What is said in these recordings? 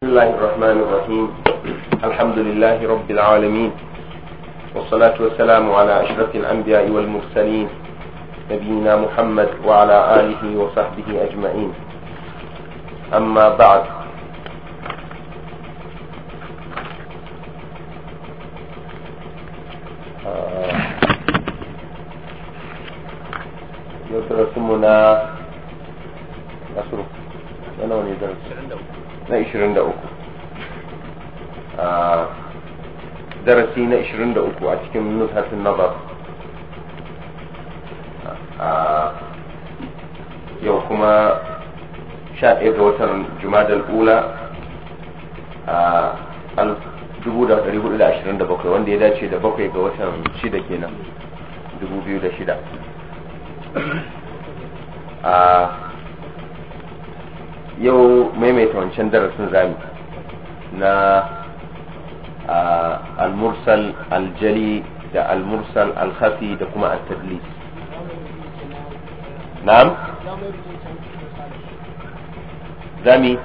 بسم الله الرحمن الرحيم الحمد لله رب العالمين والصلاة والسلام على أشرف الأنبياء والمرسلين نبينا محمد وعلى آله وصحبه أجمعين أما بعد آه. يدرسمنا na 23 darasi na 23 a cikin nuzhatun na yau kuma 11 ga watan jumadal ula a 1427 wanda ya dace da bakwai ga watan 6 kenan 2006 a yau maimaita wancan darasin zami na al-mursal al-jali da al-mursal al-khafi da kuma at-tadlis na'am zami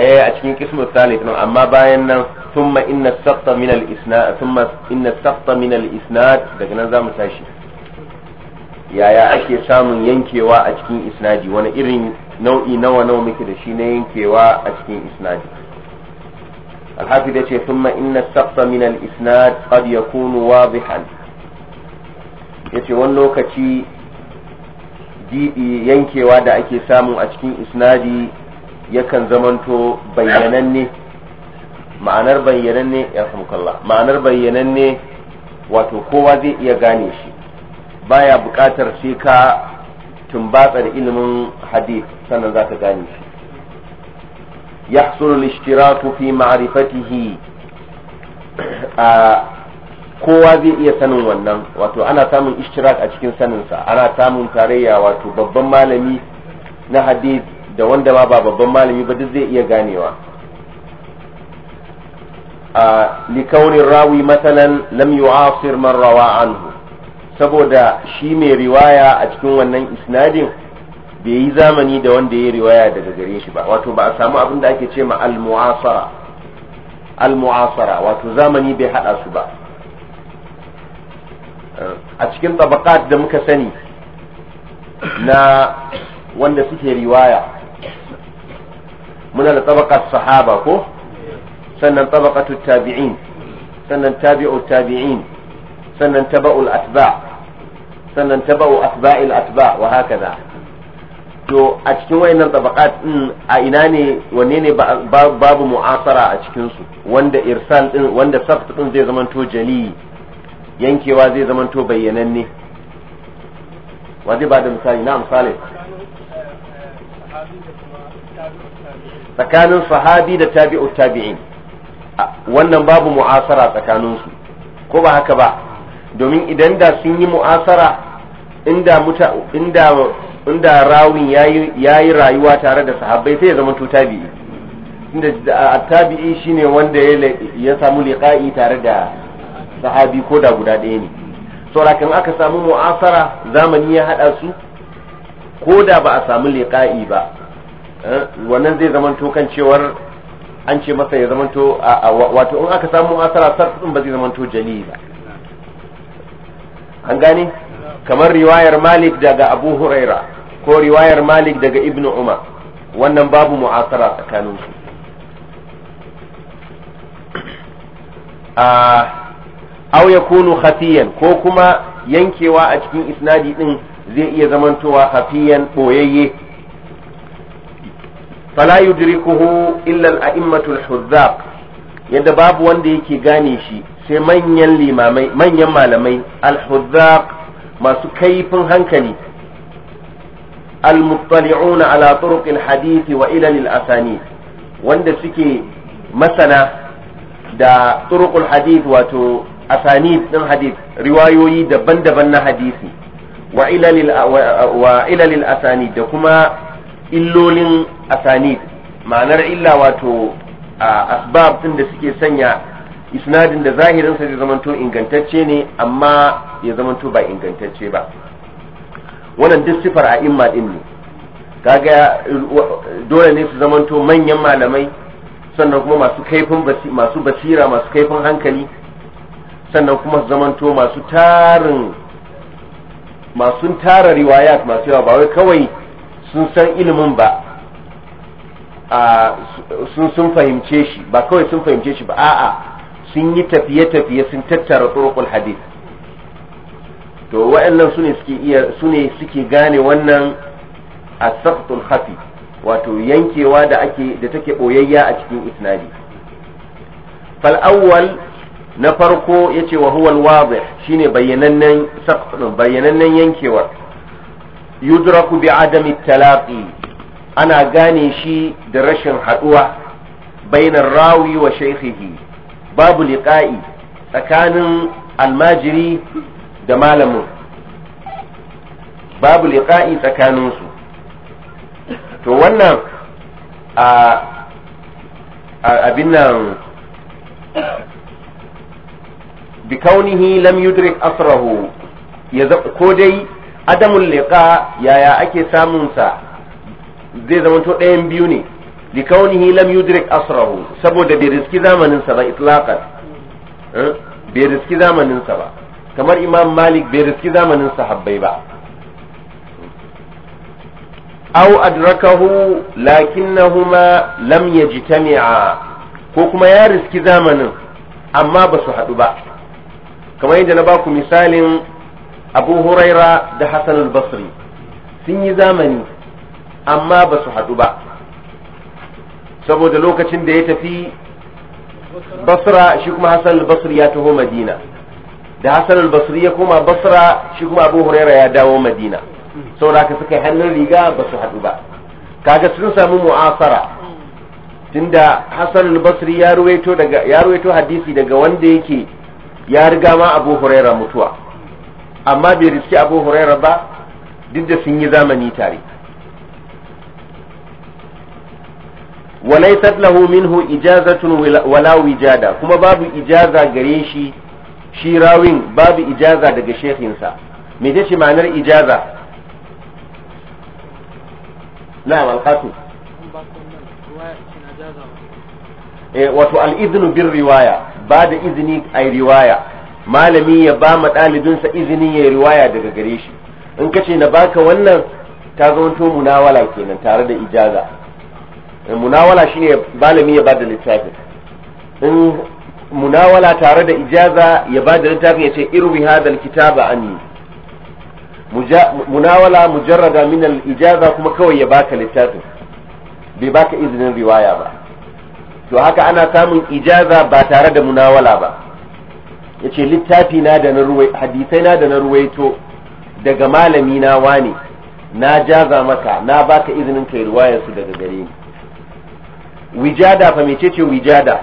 eh a cikin kismu salis nan amma bayan nan thumma inna as-saqta min al-isnad thumma inna as-saqta min al-isnad daga nan zamu tashi yaya ake samun yankewa a cikin isnadi wani irin nau'i nawa nawa muke da shi na yankewa a cikin isnadi الحافظ يقول ثم إن السقط من الإسناد قد يكون ya yace wani lokaci yankewa da ake samu a cikin isnadi yakan zamanto bayyananne ma'anar bayyananne ya ma'anar bayyananne wato kowa zai iya gane shi baya buƙatar sai ka tumbatsa da ilimin hadith sannan za ka gane shi يحصل fi في معرفته kowa zai iya sanin wannan wato ana samun ishtirak a cikin saninsa ana samun tarayya wato babban malami na hadith da wanda ma ba babban malami ba duk zai iya ganewa a likaunin rawi matsalan lam yu'asir man rawa anhu saboda shi mai riwaya a cikin wannan isnadin bai yi zamani da wanda ya riwaya daga gare shi ba wato ba a samu abin da ake ce ma al-mu'asara al-mu'asara wato zamani bai hada su ba a cikin tabaqat da muka sani na wanda suke riwaya muna da tabaqat sahaba ko sannan tabaqatu tabi'in sannan tabi'u tabi'in sannan taba'ul atba sannan tabau atba'il atba wa hakaza to a cikin wayannan tabaqat din a ina ne wanne ne babu mu'asara a cikin su wanda irsal din wanda sabt din zai zamanto jali yankewa zai zamanto bayyananne wa zai ba da misali na misali tsakanin sahabi da tabi'u tabi'in wannan babu mu'asara tsakaninsu ko ba haka ba domin idan da sun yi mu'asara inda muta inda inda rawin yayi yayi rayuwa tare da sahabbai sai ya zama to tabi'i inda at-tabi'i shine wanda ya ya samu liqa'i tare da sahabi ko da guda ɗaya ne saboda kan aka samu mu'asara zamani ya hada su ko da ba a samu liqa'i ba eh, wannan zai zama to kan cewar an ce masa ya to wato in aka samu mu'asara sarfin ba zai to jali ba an gane kamar riwayar malik daga abu huraira ko riwayar malik daga ibnu umar wannan babu mu'asara tsakaninsu ah, ya kunu khafiyan ko kuma yankewa a cikin isnadi din zai iya zamantowa khafiyan boyayye fala yudrikuhu illa al-a'immatu al-huzzaq yadda babu wanda yake gane shi sai manyan limamai manyan malamai al-huzzaq masu kaifin hankali al-muttali'una ala turuq al-hadith wa ilal asani wanda suke masana da turuq hadith wato asani din hadith riwayoyi daban-daban na hadisi wa ilal asani da kuma illolin asani ma'anar illa wato asbab din da suke sanya isnadin da zahirinsa zai zamanto ingantacce ne amma ya zamanto ba ingantacce ba wannan duk sifar a imma din ne kaga dole ne su zamanto manyan malamai sannan kuma masu kaifin masu basira masu kaifin hankali sannan kuma su zamanto masu tarin masu tara riwaya masu yawa ba wai kawai sun san ilimin ba sun sun fahimce shi ba kawai sun fahimce shi ba a'a sun yi tafiye-tafiye sun tattara turqul hadith to wa'annan sune suke iya suke gane wannan a khafi wato yankewa da ake da take boyayya a cikin isnadi fal awwal na farko yace wa huwa al-wadih shine bayyanannen saqtun bayyanannen yankewa bi adami talaqi ana gane shi da rashin haɗuwa bainar rawi wa shaykhihi babu liƙa'i tsakanin almajiri da malamin babu liqa'i tsakaninsu to wannan a abin nan kaunihi lam yudrik asrahu ko dai adamun liƙa yaya ake samunsa zai zama to ɗayan biyu ne bi kaunihi lam yudrik asrahu saboda bai riski zamanin sa ba itlaqan eh? bai riski zamanin sa ba kamar imam malik bai riski zamanin sahabbai ba aw adrakahu lakinnahuma lam yajtami'a ko kuma ya riski zamanin amma ba su haɗu ba kamar yadda na ba ku misalin abu huraira da hassan basri sun yi zamani amma ba su haɗu ba saboda lokacin da ya tafi basra shi kuma hassan al-basri ya taho madina da hassan al-basri ya koma basra shi kuma abu huraira ya dawo madina saboda ka suka hannun riga ba su haɗu ba kaga sun samu mu'asara tunda hassan al-basri ya ruwaito daga ya ruwaito hadisi daga wanda yake ya riga ma abu huraira mutuwa amma bai riski abu huraira ba duk da sun yi zamani tare walaysat lahu minhu ijazatun wala wijada kuma babu ijaza gare shi shi rawin babu ijaza daga shehinsa me ce ma'anar ijaza na'am alqatu eh, wato al'izinu bin riwaya ba da izini ai riwaya malami ya ba ma ɗalibinsa izinin ya riwaya daga gare shi in ka ce na baka wannan ta zamanto munawala kenan tare da ijaza munawala shine malami ya bada littafin in munawala tare da ijaza ya bada littafin ya ce irwi hadal kitaba anni munawala mujarrada min al ijaza kuma kawai ya baka littafin bai baka izinin riwaya ba to haka ana samun ijaza ba tare da munawala ba yace littafi na da na ruwai hadisai na da na ruwaito daga malami na wane na jaza maka na baka izinin kai riwayar su daga gare ni wijada fa mece ce wijada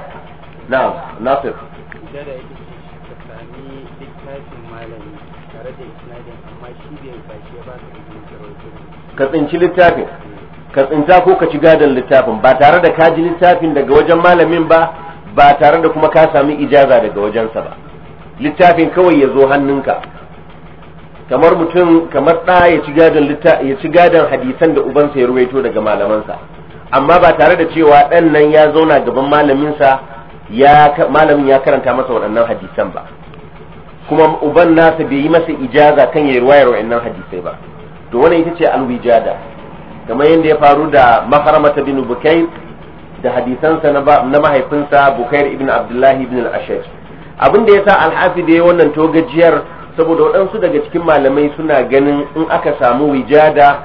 na nasir ka tsinci littafin ka tsinta ko ka ci gadon littafin ba tare da ka ji littafin daga wajen malamin ba ba tare da kuma ka sami ijaza daga wajensa ba littafin kawai ya zo hannunka kamar mutum kamar ɗa ya ci gadon hadisan da ubansa ya ruwaito daga malamansa amma ba tare da cewa ɗan nan ya zauna gaban malaminsa ya malamin ya karanta masa waɗannan hadisan ba kuma uban nasa bai yi masa ijaza kan ya ruwayar waɗannan hadisai ba to wannan ita ce alwijada kamar yadda ya faru da maharamata bin bukair da hadisansa na mahaifinsa bukair ibn abdullahi ibn al-ashaj abin da ya sa alhafi da ya wannan togajiyar saboda waɗansu daga cikin malamai suna ganin in aka samu wijada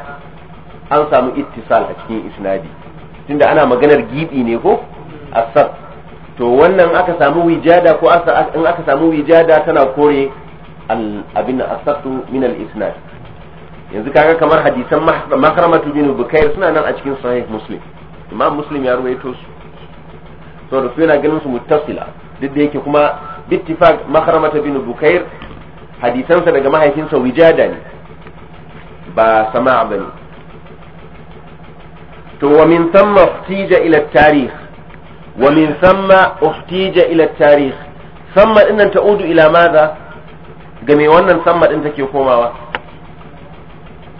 an samu ittisal a cikin isnadi tunda ana maganar giɓi ne ko asar to wannan aka samu wijada ko in aka samu wijada tana kore abin asatu min al-isnad yanzu kaga kamar hadisan makramatu bin bukair suna nan a cikin sahih muslim imam muslim ya ruwaito su da su yana ganin su muttasila duk da yake kuma bittifaq makramatu bin bukair hadisansa daga mahaifinsa wijada ne ba sama'a bane to wa min thamma uhtija ila tarikh wa min thamma uhtija ila tarikh thamma dinnan ta'udu ila madha ga me wannan thamma din take komawa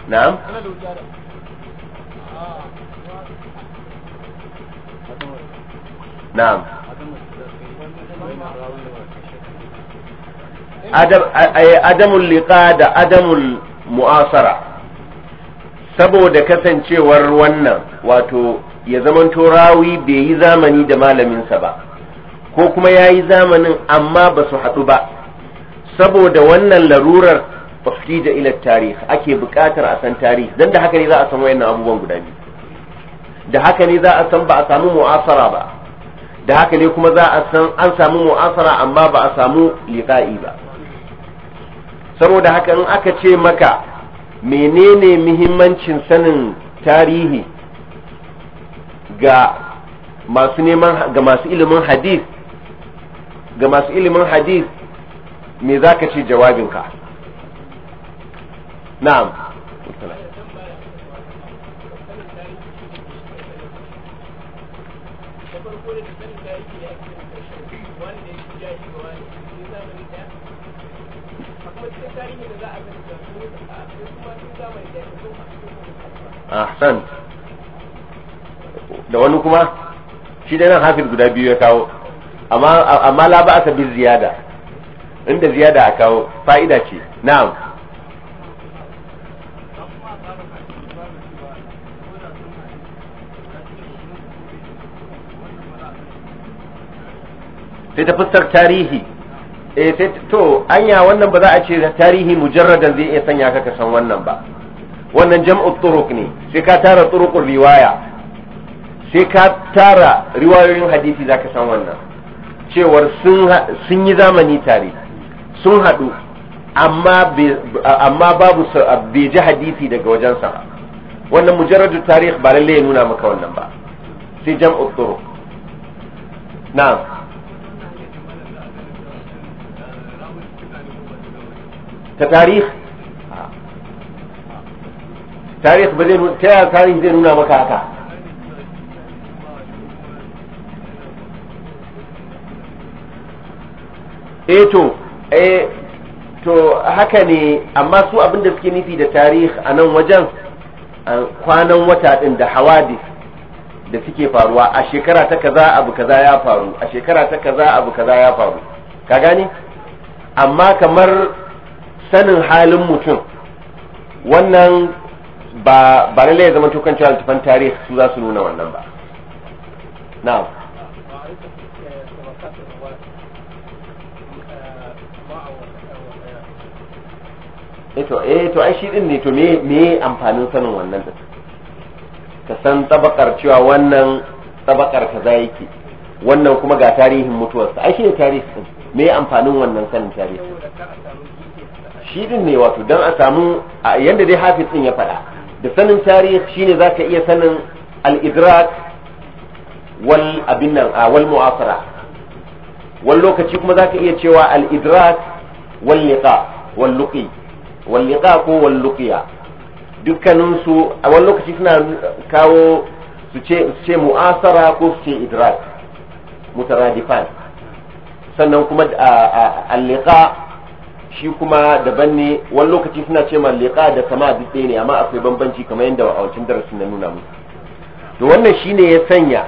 na'am na'am adamul liqa da adamul mu'asara saboda kasancewar wannan wato ya zamanto rawi bai yi zamani da malaminsa ba ko kuma ya yi zamanin amma ba su haɗu ba saboda wannan larurar da ila tarih ake buƙatar a san tarihi don da haka ne za a san wayannan abubuwan guda biyu da haka ne za a san ba a samu mu'asara ba da haka ne kuma za a san an samu mu'asara amma ba a samu liqa'i ba saboda haka in aka ce maka menene muhimmancin sanin tarihi ga masu neman ga masu ilimin hadith ga masu ilimin hadith me za ka ce jawabinka na'am ahsan da wani kuma shi dai nan hafiz guda biyu ya kawo amma la ba aka bi ziyada inda ziyada a kawo fa'ida ce na'am sai ta fuskar tarihi eh, sai to anya wannan ba za a ce tarihi mujarradan zai iya sanya ka san wannan ba wannan jam'u turuk ne sai ka tara turuqul riwaya sai ka tara riwayoyin hadisi zaka san wannan cewar sun yi zamani tare sun haɗu amma babu bai ji hadisi daga wajensa wannan mujarradu tarih ba lalle ya nuna maka wannan ba sai jam turuq na ta tarih tarih ba ta yaya zai nuna maka haka eh to eh to haka ne amma su abin da suke nufi da tarih a nan wajen kwanan wata din da hawadis da suke faruwa a shekara ta kaza abu kaza ya faru a shekara ta kaza abu kaza ya faru ka gani amma kamar sanin halin mutum wannan ba ba lalle ya zama tukan cewa tarihi su za su nuna wannan ba na'am Eh to eh to ai shi din ne to me me amfanin sanin wannan da ka san tabakar cewa wannan tabakar za yake wannan kuma ga tarihin mutuwarsa ai shi ne tarihi me amfanin wannan sanin tarihi shi din ne wato dan a samu yanda dai hafiz din ya faɗa da sanin tarihi shine zaka iya sanin al-idrak wal abin nan a wal mu'asara wal lokaci kuma zaka iya cewa al-idrak wal liqa wal luqi walliqa ko walluqiya dukkanin su a wani lokaci suna kawo su ce mu'asara ko su ce idrak mutaradifan sannan kuma alliqa shi kuma daban ne wani lokaci suna ce malliqa da sama duk ne amma akwai bambanci kamar yadda a wancan darasin na nuna mu to wannan shine ya sanya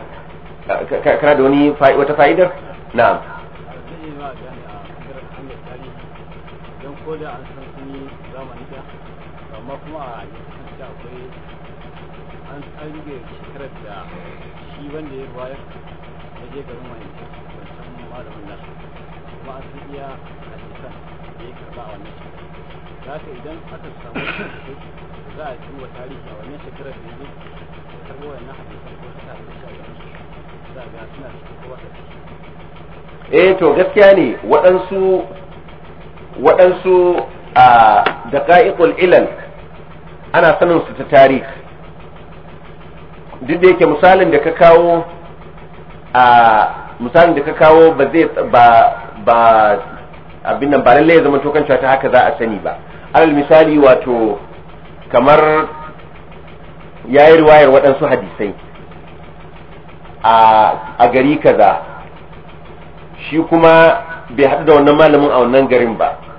kana da wani wata fa'idar na'am amma kuma da akwai an an shekarar da shi wanda ya bayar ya je garin kuma iya da ya karba a wannan shekarar za idan aka samu za a duba tarihi a wannan shekarar da ya je karbo wannan hadisan ko ta da shi a za a ga suna kowa da eh to gaskiya ne waɗansu waɗansu a ah, daƙa'iƙul ilal ana sanin su ta tarih duk da yake misalin da ka kawo a misalin da ka kawo ba zai ba ba abin nan ba lallai ya zama tokan ta haka za a sani ba alal misali wato kamar yayi riwayar waɗansu hadisai a gari kaza shi kuma bai haɗu da wannan malamin a wannan garin ba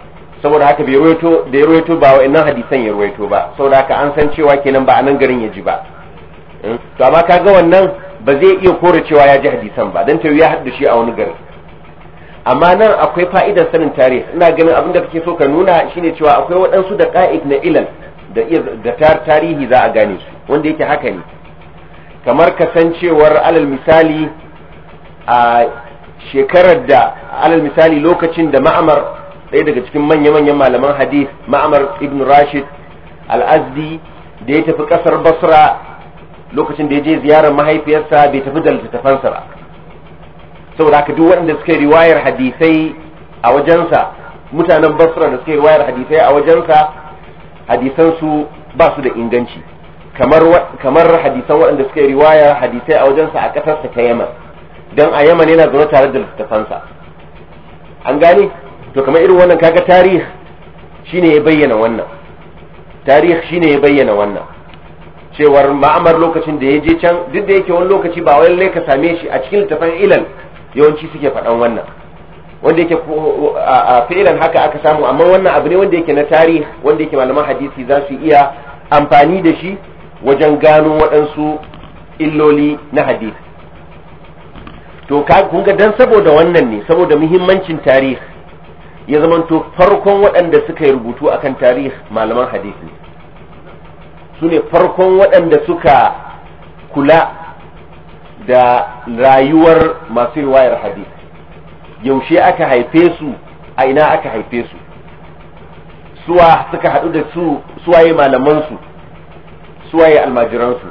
saboda haka bai ruwaito da ya ruwaito ba wa'annan hadisan ya ruwaito ba saboda haka an san cewa kenan ba a nan garin ya ji ba hmm? to amma kaga wannan ba zai iya kore cewa ya ji hadisan ba dan tayi ya haddu shi a wani garin amma nan akwai fa'idar sanin tarihi ina ganin abin da kake so ka nuna shine cewa akwai waɗansu da qa'id na ilal da da tarihi za a gane su wanda yake haka ne kamar kasancewar alal misali a shekarar da alal misali lokacin da ma'amar ɗaya daga cikin manya-manyan malaman hadith ma'amar ibn rashid al-azdi da ya tafi ƙasar basra lokacin da ya je ziyarar mahaifiyarsa bai tafi da littattafansa ba saboda haka duk waɗanda suka riwayar hadisai a wajensa mutanen basra da suka riwayar hadisai a wajensa hadisansu ba su da inganci kamar hadisan waɗanda suka riwayar hadisai a wajensa a ƙasarsa ta yaman don a yaman yana zaune tare da littattafansa an gane to kamar irin wannan kaga tarih shine ya bayyana wannan tarih shine ya bayyana wannan cewar ma'amar lokacin da ya je can duk da yake wani lokaci ba wai lai ka same shi a cikin littafin ilal yawanci suke faɗan wannan wanda yake a fi'ilan haka aka samu amma wannan abu ne wanda yake na tarih wanda yake malaman hadisi za su iya amfani da shi wajen gano waɗansu illoli na hadisi to kun ga dan saboda wannan ne saboda muhimmancin tarihi ya zamanto farkon waɗanda suka yi rubutu kan tarihi malaman hadisi ne su ne farkon waɗanda suka kula da rayuwar masu riwayar hadisi yaushe aka haife su a ina aka haife su suwa suka haɗu da su suwaye malamansu suwaye almajiransu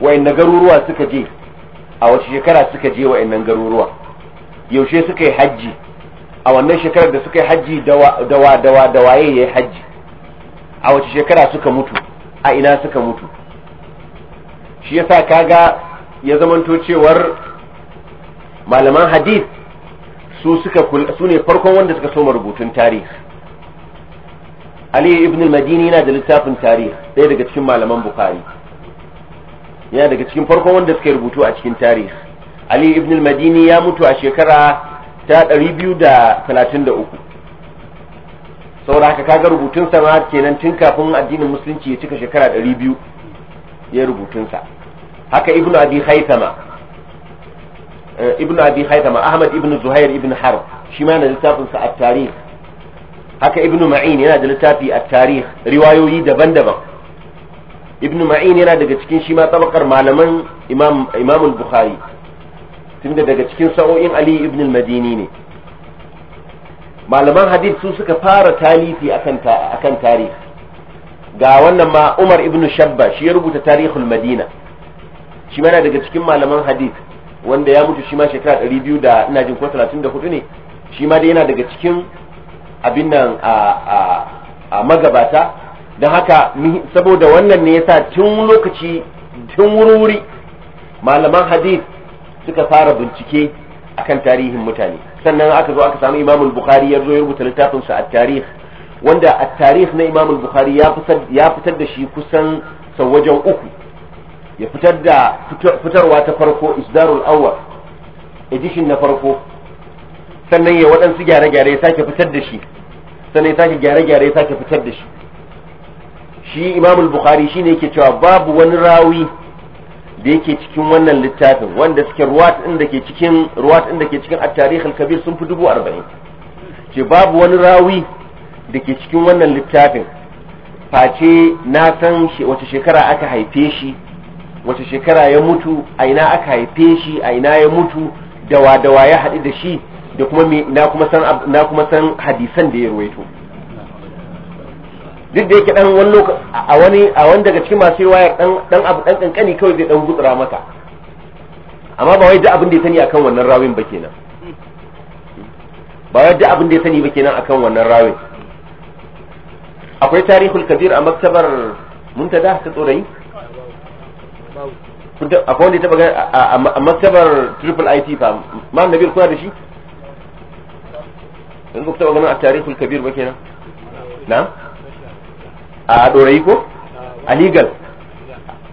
wa'in garuruwa suka je a wace shekara suka je wa'in garuruwa yaushe suka yi hajji a wannan shekarar da suka yi hajji dawa dawa da waye ya yi hajji a wace shekara suka mutu a ina suka mutu shi yasa kaga ya zamanto cewar malaman hadith su suka su ne farkon wanda suka soma rubutun tarihi Ali ibn al-Madini yana da littafin tarihi ɗaya daga cikin malaman Bukhari yana daga cikin farkon wanda suka rubutu a cikin tarihi Ali ibn al-Madini ya mutu a shekara ta ɗari biyu da uku saboda haka kaga rubutun sa ma kenan tun kafin addinin musulunci ya cika shekara ɗari biyu ya rubutun sa haka ibnu abi haitama eh, ibnu abi haitama ahmad ibnu zuhair ibnu harb shi ma yana littafin sa at-tarikh haka ibnu ma'in yana da littafi at-tarikh riwayoyi daban-daban ibnu ma'in yana daga cikin shi ma tabakar malaman imam imam al-bukhari tunda daga cikin sa'o'in ali ibn al-madini ne malaman hadith su suka fara talifi akan tarihi ga wannan ma umar ibn shabba shi ya rubuta tarihul madina shi mana daga cikin malaman hadith wanda ya mutu shi ma shekara 200 da ina jin ko 34 ne shi ma dai yana daga cikin abin nan a magabata don haka saboda wannan ne yasa tun lokaci tun wuri malaman hadith suka fara bincike akan tarihin mutane sannan aka zo aka samu imamul bukhari ya zo ya rubuta littafin sa at-tarikh wanda at-tarikh na imamul bukhari ya fitar ya fitar da shi kusan sau wajen uku ya fitar da fitarwa ta farko isdarul awwal edition na farko sannan ya waɗansu gyare-gyare ya sake fitar da shi sannan ya sake gyare-gyare ya sake fitar da shi shi imamul bukhari shine yake cewa babu wani rawi da yake cikin wannan littafin wanda suke ruwat din da ke cikin ruwat din da ke cikin at-tarikh al-kabir sun fi dubu arba'in ce babu wani rawi da ke cikin wannan littafin face na san wace shekara aka haife shi wace shekara ya mutu a ina aka haife shi a ina ya mutu dawa dawa ya haɗu da shi da kuma na kuma san na kuma san hadisan da ya ruwaito duk da yake dan wani lokaci a wani a wani daga cikin masu riwaya dan dan abu dan kankani kawai zai dan gutsura mata amma ba wai da abin da ya sani akan wannan rawin ba kenan ba wai da abin da ya sani ba kenan akan wannan rawin akwai tarihul kabir a maktabar muntada ta tsorai akwai wanda ya taba a maktabar triple it fa ma nabil kuna da shi yanzu ku taba ganin a tarihul kabir ba kenan na a dorayi ko a legal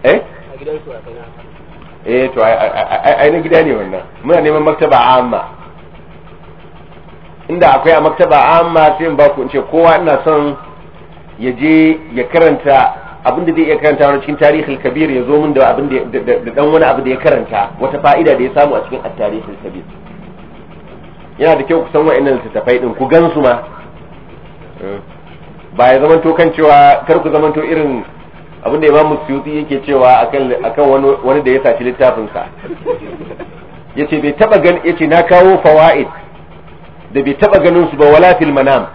eh eh to ai na gida ne wannan muna neman maktaba amma inda akwai a maktaba amma sai in ba ku in ce kowa ina son ya je ya karanta abin da zai iya karanta wani cikin tarihin kabir ya zo min da abin da dan wani abu da ya karanta wata fa'ida da ya samu a cikin tarihin kabir yana da kyau ku san wa'annan littattafai din ku gan su ma eh. ba ya zamanto kan cewa kar ku zamanto irin abin da imamu suyuti yake cewa akan akan wani da ya saci littafin sa yace bai taba gan yace na kawo fawaid da bai taba ganin su ba wala fil manam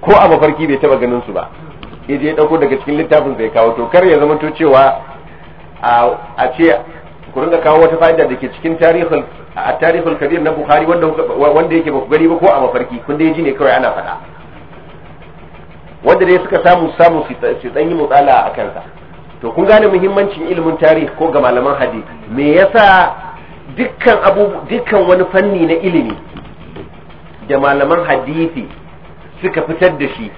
ko a mafarki bai taba ganin su ba yaje ya dauko daga cikin littafin sa ya kawo to kar ya zamanto cewa a ce ku dinga kawo wata fa'ida da ke cikin tarihul a tarihul kabir na bukhari wanda wanda yake ba ku gani ba ko a mafarki kun dai ji ne kawai ana faɗa wanda dai suka samu samu su dan yi mutsala a kansa to kun gane muhimmancin ilimin tarihi ko ga malaman hadisi me yasa dukkan abu dukkan wani fanni na ilimi da malaman hadisi suka fitar da shi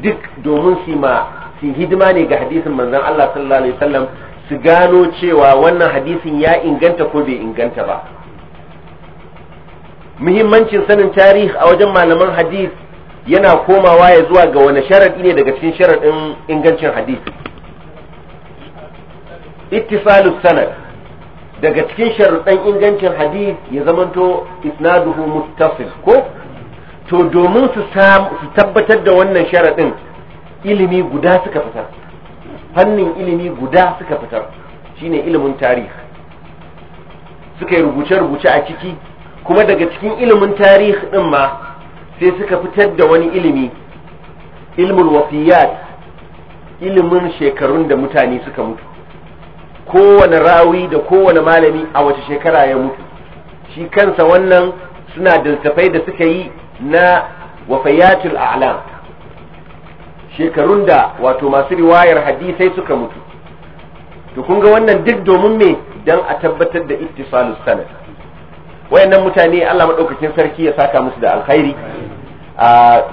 duk domin su ma su hidima ne ga hadisin manzon Allah sallallahu alaihi wasallam su gano cewa wannan hadisin ya inganta ko bai inganta ba muhimmancin sanin tarihi a wajen malaman hadisi yana komawa ya zuwa ga wani sharaɗi ne daga cikin sharadin ingancin hadisi ittisalus sanad daga cikin sharaɗin ingancin hadisi ya zamanto isnaduhu muttasil ko to domin su tabbatar da wannan sharaɗin ilimi guda suka fitar fannin ilimi guda suka fitar shine ilimin tarihi suka yi rubuce-rubuce a ciki kuma daga cikin ilimin tarihi ɗin ma sai suka fitar da wani ilimi ilmul wafiyat ilimin shekarun da mutane suka mutu kowane rawi da kowane malami a wace shekara ya mutu shi kansa wannan suna da littafai da suka yi na wafayatul a'lam shekarun da wato masu riwayar hadisai suka mutu to kun ga wannan duk domin me dan a tabbatar da ittisalus sanad wayannan mutane Allah madaukakin sarki ya saka musu da alkhairi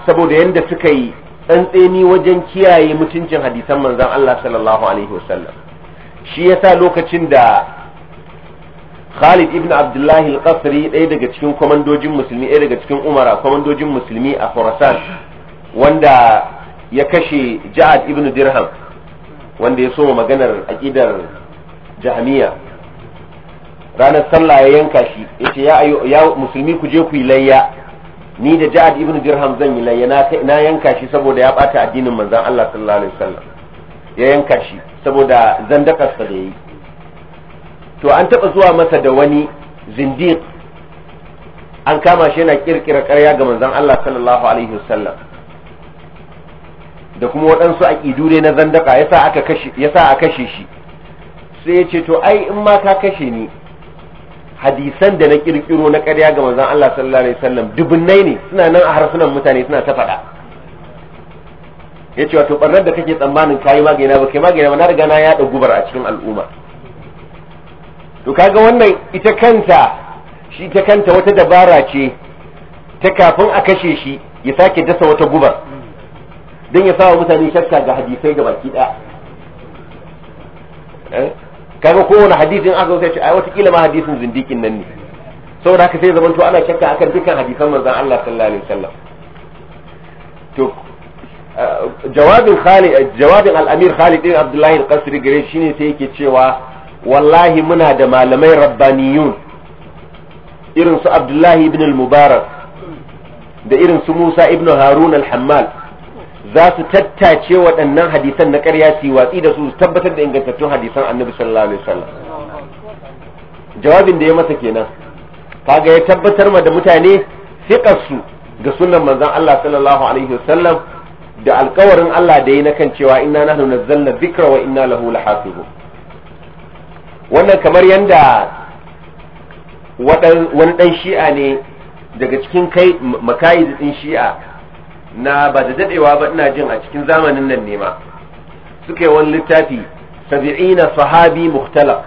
saboda yanda suka yi tsantseni wajen kiyaye mutuncin hadisan manzon Allah sallallahu alaihi wasallam shi yasa lokacin da Khalid ibn Abdullahi al-Qasri ɗaya daga cikin kwamandojin musulmi ɗaya daga cikin umara kwamandojin musulmi a Khurasan wanda ya kashe Ja'ad ibn Dirham wanda ya soma maganar aqidar Jahmiya ranar sallah ya yanka shi ya ya ya musulmi ku je ku yi layya ni da Ja'ad ibn Dirham zan yi layya na yanka shi saboda ya bata addinin manzon Allah sallallahu alaihi wasallam ya yanka shi saboda sa da yi to an taba zuwa masa da wani zindiq an kama shi yana kirkira ƙarya ga manzon Allah sallallahu alaihi wasallam da kuma waɗansu a ne na zandaka yasa aka kashe yasa a kashe shi sai ya ce to ai in ma ka kashe ni hadisan da na kirkiro na ƙarya ga manzon Allah sallallahu alaihi wasallam dubunnai ne suna nan a harsunan mutane suna ta faɗa yace wato barnar da kake tsammanin kayi magani ba kai magani ba na riga na yaɗa gubar a cikin al'umma to kaga wannan ita kanta shi ta kanta wata dabara ce ta kafin a kashe shi ya sake dasa wata gubar don ya sa mutane shakka ga hadisai ga baki ɗaya eh? kaga kowane hadisin aka sai ce ai watakila ma hadisin zindikin nan ne saboda haka sai zamanto ana shakka akan dukkan hadisan manzon Allah sallallahu alaihi wasallam to uh, jawabin Khalid uh, jawabin al-Amir Khalid bin Abdullahi al-Qasri gare shi ne sai yake cewa wallahi muna da malamai rabbaniyun irin su Abdullah ibn al-Mubarak da irin su Musa ibn Harun al-Hammal za su tattace waɗannan hadisan na ƙarya su yi watsi da su su tabbatar da ingantattun hadisan annabi sallallahu alaihi wasallam jawabin da ya masa kenan kaga ya tabbatar ma da mutane fiƙarsu ga sunan manzon Allah sallallahu alaihi wasallam da alƙawarin Allah da yi na kan cewa inna nahnu nazzalna dhikra wa inna lahu lahafizun wannan kamar yanda wani dan shi'a ne daga cikin kai makayi shi'a na ba da dadewa ba ina jin a cikin zamanin nan ne ma suka yi wani littafi sabi'ina sahabi mukhtalaf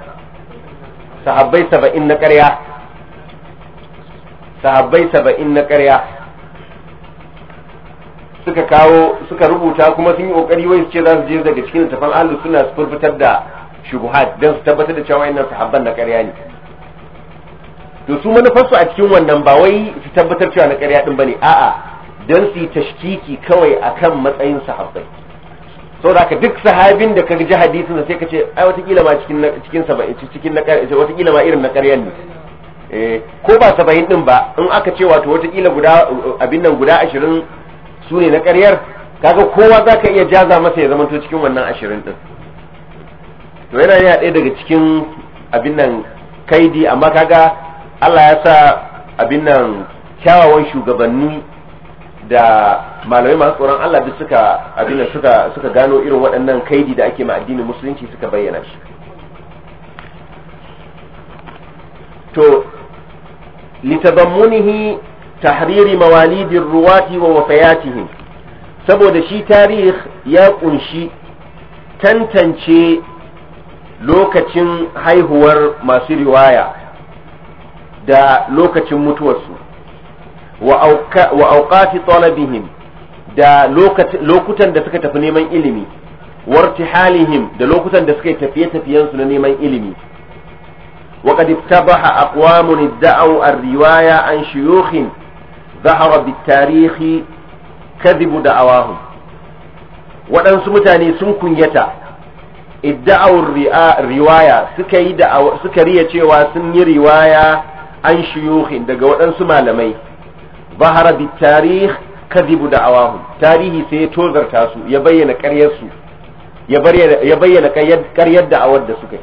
sahabbai saba'in na ƙarya sahabbai saba'in na ƙarya suka kawo suka rubuta kuma sun yi ƙoƙari wai su ce za su je daga cikin tafan ahlus suna su furfutar da shubuhat don su tabbatar da cewa wannan sahabban na ƙarya ne to su manufarsu a cikin wannan ba wai su tabbatar cewa na ƙarya din bane a'a don su yi tashkiki kawai akan matsayin sahabbai sau da duk sahabin da ka ji hadisin sai ka ce ai watakila ma cikin saba'in cikin na watakila ma irin na ƙaryan ne eh, ko ba saba'in din ba in aka ce wato watakila guda abin nan guda ashirin su ne na ƙaryar kaga kowa za ka iya jaza masa ya zamanto cikin wannan ashirin din to yana yana ɗaya daga cikin abin nan kaidi amma kaga Allah ya sa abin nan kyawawan shugabanni da malamai masu tsoron Allah duk suka abin suka suka gano irin waɗannan kaidi da ake ma addinin musulunci suka bayyana shi to litadammunihi tahriri mawalidir ruwati wa wafayatihim saboda shi tarihi ya kunshi tantance lokacin haihuwar masu riwaya da lokacin mutuwarsu wa auqati talabihim da lokutan da suka tafi neman ilimi wartihalihim da lokutan da suka tafiye tafiyen na neman ilimi wa qad iftabaha aqwamun da'u ar-riwaya an shuyukhin zahara bit-tarihi kadhibu da'awahu waɗansu mutane sun kunyata idda'awar riwaya suka yi suka riya cewa sun yi riwaya an shuyukhin daga waɗansu malamai bahara bi tarih kadibu awahu tarihi sai ya tozarta su ya bayyana ƙaryar su ya bayyana ƙaryar da suka yi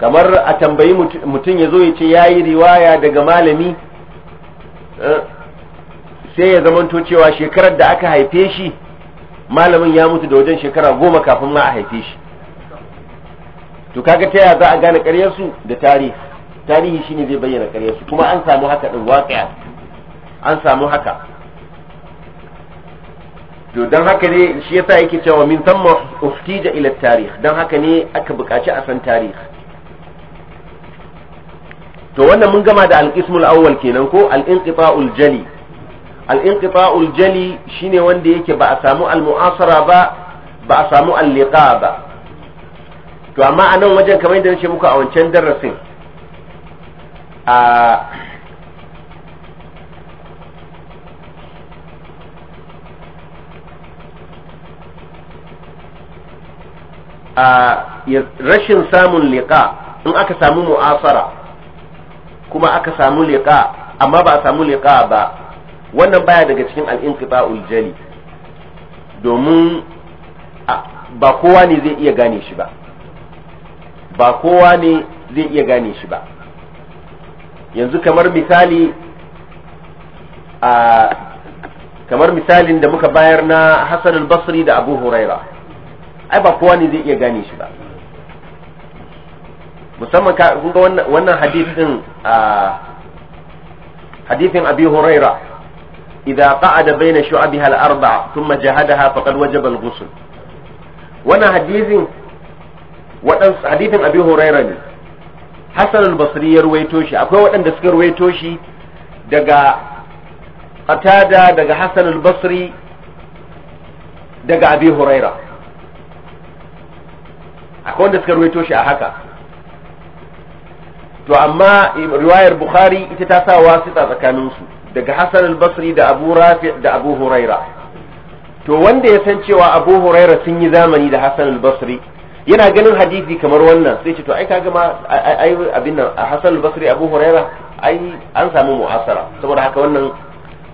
kamar a tambayi mutum ya zo ya ce yayi riwaya daga malami eh, sai ya zamanto cewa shekarar da aka haife shi malamin ya mutu da wajen shekara goma kafin ma a haife shi to kaga ta yaya za a gane su da tarihi tarihi shine zai bayyana su kuma an samu haka din waƙiya an samu haka to don haka ne shi yasa yake cewa min thamma uftija ila tarih dan haka ne aka buƙaci a san tarih to wannan mun gama da al-qismul awwal kenan ko al-inqita'ul jali al-inqita'ul jali shine wanda yake ba a samu al-mu'asara ba ba a samu al-liqa ba to amma a nan wajen kamar yadda nace muku a wancan darasin a a rashin samun liqa in aka samu mu'asara kuma aka samu liqa amma ba a samu liqa ba wannan baya daga cikin al-inqita'ul jali domin ba kowa ne zai iya gane shi ba ba kowa ne zai iya gane shi ba yanzu kamar misali a kamar misalin da muka bayar na Hassan al-Basri da Abu Huraira ai ba kowa ne zai iya gane shi ba musamman ka kun ga wannan hadith din a hadisin abi huraira idza qa'ada baina shu'abiha al-arba'a thumma jahadaha faqad wajaba al-ghusl wannan hadisin wadan hadisin abi huraira ne hasan al-basri ya ruwaito shi akwai waɗanda suka ruwaito shi daga qatada daga hasan al-basri daga abi huraira akwai wanda suka ruwaito shi a haka to amma riwayar bukhari ita ta sa wasita tsakanin su daga hasan al-basri da abu rafi da abu huraira to wanda ya san cewa abu huraira sun yi zamani da hasan al-basri yana ganin hadisi kamar wannan sai ce to ai kaga ma ai abin nan hasan al-basri abu huraira ai an samu muhasara saboda haka wannan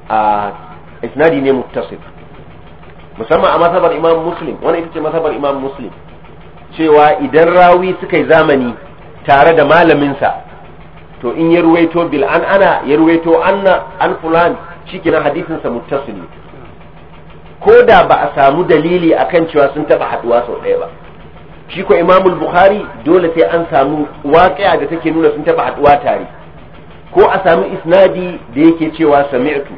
a isnadi ne muttasif musamman a masabar imam muslim wannan ita ce masabar imam muslim cewa idan rawi suka yi zamani tare da malaminsa to in ya ruwaito bil an ana ya ruwaito anna an fulan na hadisinsa muttasili ko da ba a samu dalili akan cewa sun taba haduwa sau ɗaya ba shi ko imamul bukhari dole sai an samu waƙiya da take nuna sun taba haduwa tare ko a samu isnadi da yake cewa sami'tu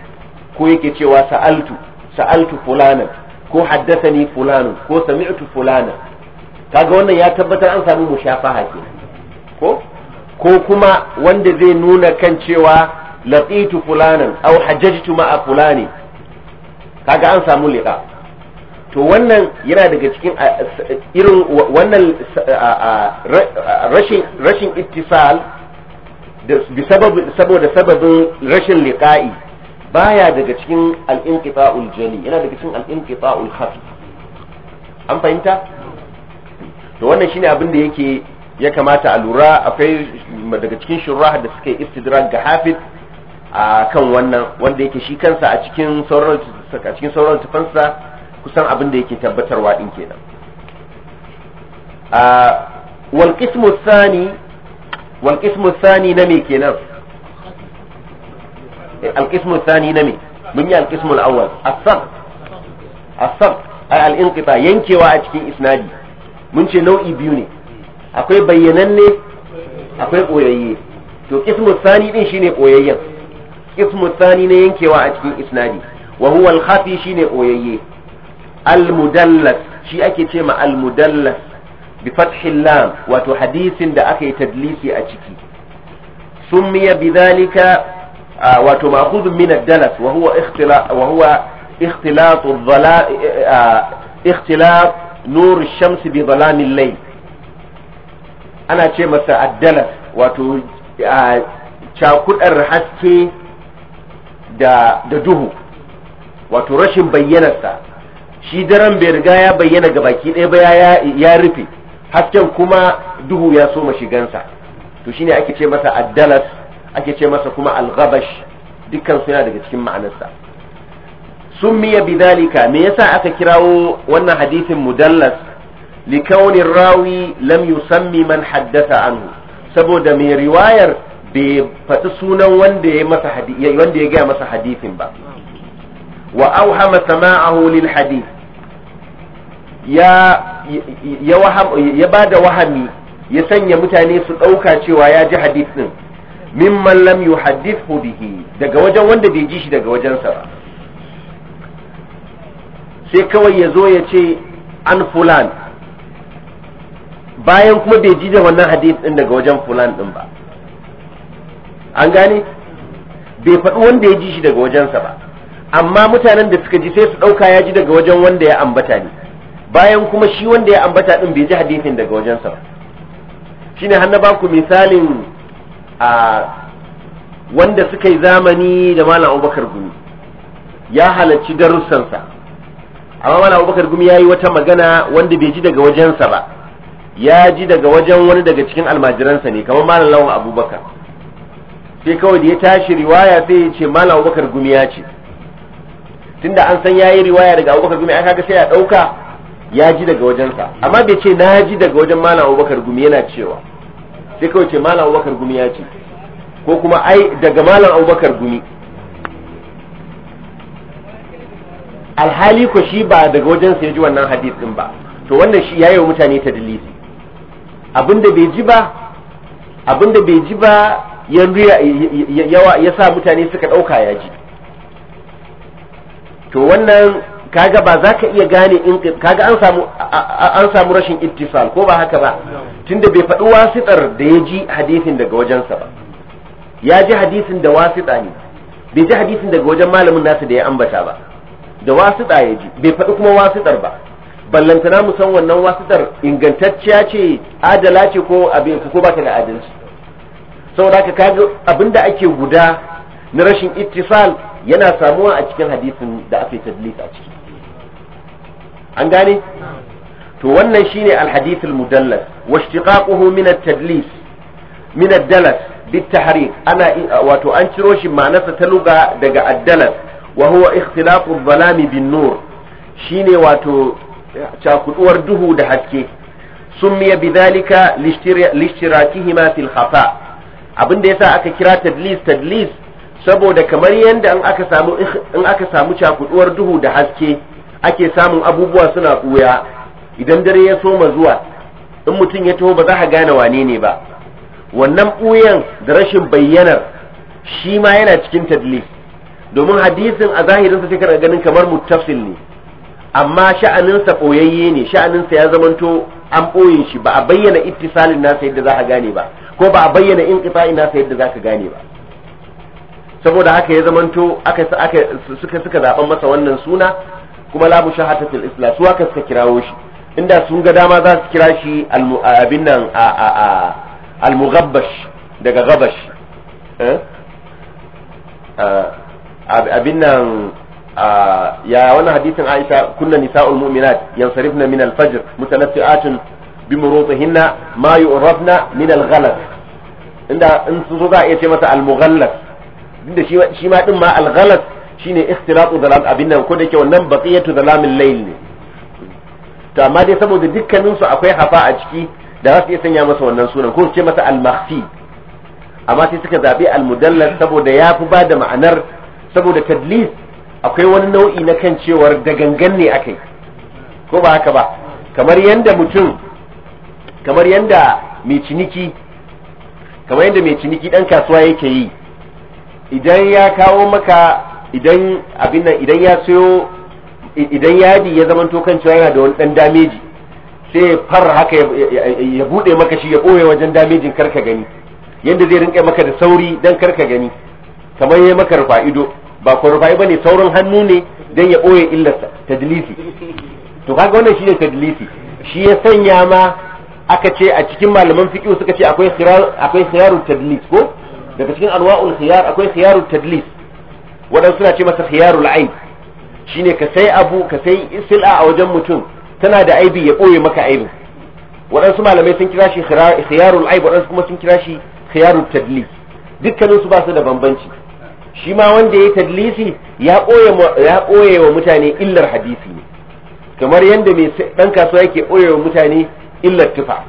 ko yake cewa sa'altu sa'altu fulanan ko haddathani fulanu ko sami'tu fulana kaga wannan ya tabbatar an samu mushafaha ke ko ko kuma wanda zai nuna kan cewa laqitu fulanan aw hajjajtu ma'a fulani kaga an samu liqa to wannan yana daga cikin irin wannan rashin rashin ittisal saboda sababin rashin liqa'i baya daga cikin al-inqita'ul jali yana daga cikin al-inqita'ul khafi an fahimta to wannan shine abin da yake ya kamata a lura akwai daga cikin shurraha da suka yi istidrak ga hafid a kan wannan wanda yake shi kansa a cikin sauran a cikin sauran tufansa kusan abin da yake tabbatarwa din kenan a wal qismu thani wal qismu thani na me kenan eh, al qismu thani na me mun yi al qismu al awwal as-sab as-sab ay al inqita yankewa a cikin isnadi mun ce nau'i biyu ne akwai bayyananne akwai koyayye to qismu sani din shine koyayyen qismu thani na yankewa a cikin isnadi wa huwa al-khafi shine koyayye al-mudallas shi ake ce ma al-mudallas bi fathil lam wato hadisin da aka yi tadlisi a ciki summiya bidhalika wato ma'khudh min ad-dalas wa huwa wa huwa nur shamsi bi zalamin layl ana ce masa addala wato cakudar haske da duhu wato rashin bayyanarsa shi daren bai riga ya bayyana ga baki ɗaya ba ya rufe hasken kuma duhu ya so shigansa to shine ake ce masa addalas ake ce masa kuma alghabash dukkan suna daga cikin ma'anarsa tun miya me سمي بذلك ميسا أتكراو وانا حديث مدلس لكون الراوي لم يسمي من حدث عنه سبو دمي رواير بفتسونا وان دي جاء مسا حديث با وأوهم سماعه للحديث ya ya ba da wahami ya sanya mutane su ɗauka cewa ya ji hadith ɗin mimman lam yuhaddithu bihi daga wajen wanda bai ji shi daga wajensa ba sai kawai ya zo ya ce an fulan bayan kuma bai ji da wannan hadith din daga wajen fulan din ba an gane bai faɗi wanda ya ji shi daga wajensa ba amma mutanen da suka ji sai su ɗauka ya ji daga wajen wanda ya ambata ne bayan kuma shi wanda ya ambata din bai ji hadithin daga wajensa ba shine har na baku misalin a wanda suka yi zamani da malam abubakar gumi ya halarci darussansa amma mana abubakar gumi ya yi wata magana wanda bai ji daga wajensa ba ya ji daga wajen wani daga cikin almajiransa ne kamar malam lawan abubakar sai kawai da ya tashi riwaya sai ya ce malam abubakar gumi ya ce tunda an san ya yi riwaya daga abubakar gumi aka ga sai ya ɗauka, ya ji daga wajensa amma bai ce na ji daga wajen malam abubakar gumi yana cewa sai kawai ce malam abubakar gumi ya ce ko kuma ai daga malam abubakar gumi alhali ko shi ba daga wajen sai ya ji wannan hadith din ba to wannan shi yayi wa mutane tadlisi abinda bai ji ba abinda bai ji ba ya yawa ya sa mutane suka dauka ya ji to wannan kaga ba za ka iya gane in kaga an samu an samu rashin ittisal ko ba haka ba tunda bai faɗi wasitar da ya ji hadisin daga wajensa ba ya ji hadisin da wasita ne bai ji hadisin daga wajen malamin nasa da ya ambata ba da wasu ya ji bai faɗi kuma wasu ɗar ba ballantana mu san wannan wasu wasiɗar ingantacciya ce adala ce ko abin ko ba ta da adalci saboda ka kaga abinda ake guda na rashin ittisal yana samuwa a cikin hadisin da aka yi tadlis a ciki an gane to wannan shine alhadith almudallas wa ishtiqaquhu min at-tadlis min ad-dalas bit tahrik ana wato an ciro shi ma'anarsa ta luga daga ad-dalas wa huwa ikhtilafu dhalami bin nur shine wato eh, cakuduwar duhu da haske summiya bidhalika lishtirakihima fil khafa abinda yasa aka kira tadlis tadlis saboda kamar yanda in aka samu in aka samu cakuduwar duhu da haske ake samun abubuwa suna ɓuya idan dare ya soma zuwa in mutum ya taho ba za ka gane wane ne ba wannan ɓuyan da rashin bayyanar shi ma yana cikin tadlis domin hadisin a zahirinsa sai kana ganin kamar muttasil ne amma sha'aninsa ɓoyayye ne sha'aninsa ya zamanto an ɓoye shi ba a bayyana ittisalin nasa yadda za a gane ba ko ba a bayyana inqita'in nasa yadda za ka gane ba saboda haka ya zamanto aka aka suka suka masa wannan suna kuma la mushahatatul isla su aka suka kirawo shi inda sun ga dama za su kira shi abin nan a al-mughabbash daga gabash eh? ah. abin nan ya wannan hadisin Aisha kunna nisa'ul mu'minat yansarifna min al-fajr mutanaffi'atun bimurudihinna ma yu'rafna min al-ghalas inda in sun so za a iya ce masa al-mughallas inda shi ma din ma al-ghalas shine ikhtilatu zalam abin nan ko da yake wannan baqiyatu zalamil layl ne to amma dai saboda dukkanin su akwai hafa a ciki da za su iya sanya masa wannan sunan ko su ce masa al-makhfi amma sai suka zabi al-mudallas saboda fi ba da ma'anar saboda tadlis akwai wani nau'i na kan cewar da gangan ne akai ko ba haka ba kamar yanda mutum kamar yanda mai ciniki kamar yanda mai ciniki dan kasuwa yake yi idan ya kawo maka idan abin nan idan ya sayo idan yadi ya zama to kan cewa yana da wani dan dameji sai ya far haka ya bude maka shi ya boye wajen damejin karka gani yadda zai rinka maka da sauri dan karka gani kamar ya maka rufa ido ba kurfai bane saurin hannu ne dan ya boye illar tadlisi to kaga wannan shi ne tadlisi shi ya sanya ma aka ce a cikin malaman fiqh suka ce akwai khiyar akwai khiyarut tadlis ko daga cikin anwa'ul khiyar akwai khiyaru tadlis wadansu suna ce masa khiyarul shi shine ka sai abu ka sai sil'a a wajen mutum tana da aibi ya boye maka aibin waɗansu malamai sun kira shi khiyarul aib waɗansu kuma sun kira shi khiyaru tadlis dukkanin su ba su da bambanci shi ma wanda ya yi tadlisi ya ɓoye wa mutane illar hadisi ne kamar yadda mai ɗan kasuwa yake ɓoye wa mutane illar tufa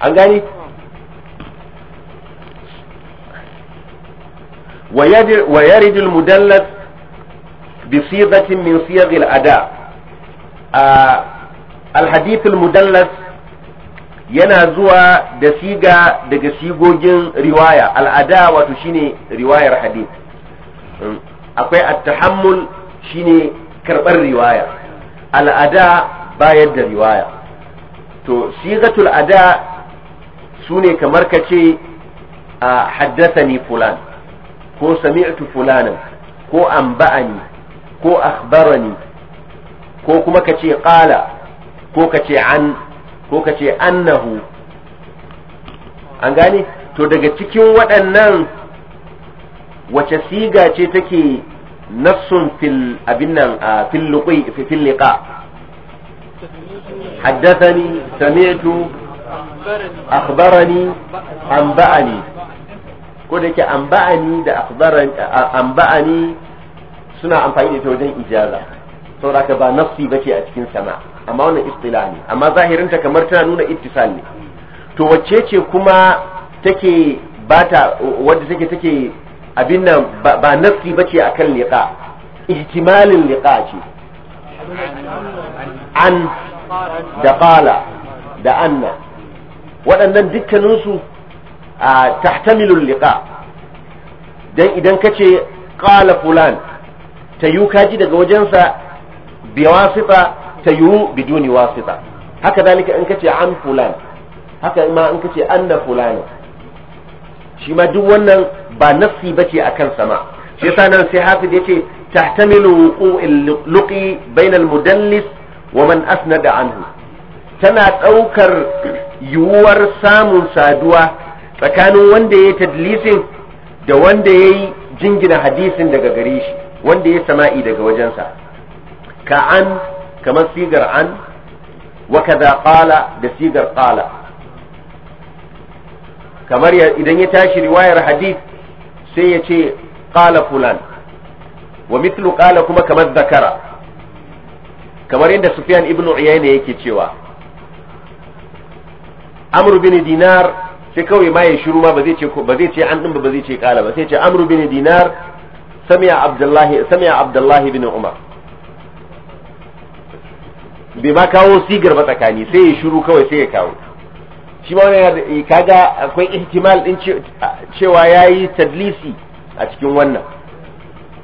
an gani wa yarid al-mudallas bi sigatin min siyar al-ada al-hadith al yana zuwa da siga daga sigogin riwaya al'ada wato shine riwayar hadith mm. akwai at-tahammul shine karbar riwaya al'ada bayar da riwaya to sigatul ada sune kamar kace a haddathani fulan ko sami'tu fulanan ko anba'ani ko akhbarani ko kuma kace qala ko kace an ko ka ce annahu an gane to daga cikin waɗannan wace siga ce take nassun fil abin nan a luqi fil liqa haddathani sami'tu akhbarani anba'ani ko da yake anba'ani da akhbarani suna amfani da ta wajen ijaza saboda ba nassi bace a cikin sana'a amma wannan istila ne amma zahirinta kamar tana nuna ittisal ne to wacce ce kuma take bata wadda take take abin nan ba nafsi bace akan liqa ihtimalin liqa ce an da qala da anna waɗannan dukkaninsu a tahtamilul liqa dan idan kace qala fulan ta kaji daga wajensa biwasita tayu biduni wasita haka dalika in kace an fulan haka ma in kace anna fulani shi ma duk wannan ba nafsi bace akan sama shi yasa nan sai hafiz yace tahtamilu wuqu'il luqi bainal mudallis wa man asnada anhu tana daukar yiwuwar samun saduwa tsakanin wanda yayi tadlisin da wanda yayi jingina hadisin daga gare shi wanda ya sama'i daga wajensa ka an kamar sigar an wa kaza qala da sigar qala kamar idan ya tashi riwayar hadith sai ya ce qala fulan wa mithlu qala kuma kamar zakara kamar yadda sufyan ibnu uyayna yake cewa amru bin dinar sai kawai ma ya shiru ma ba zai ce an din ba zai ce qala ba sai ce amru bin dinar sami abdullahi abdullahi bin umar bai ma kawo sigar ba tsakani sai ya shiru kawai sai ya kawo shi ma wani eh, kaga akwai ihtimal din cewa yi tadlisi a cikin wannan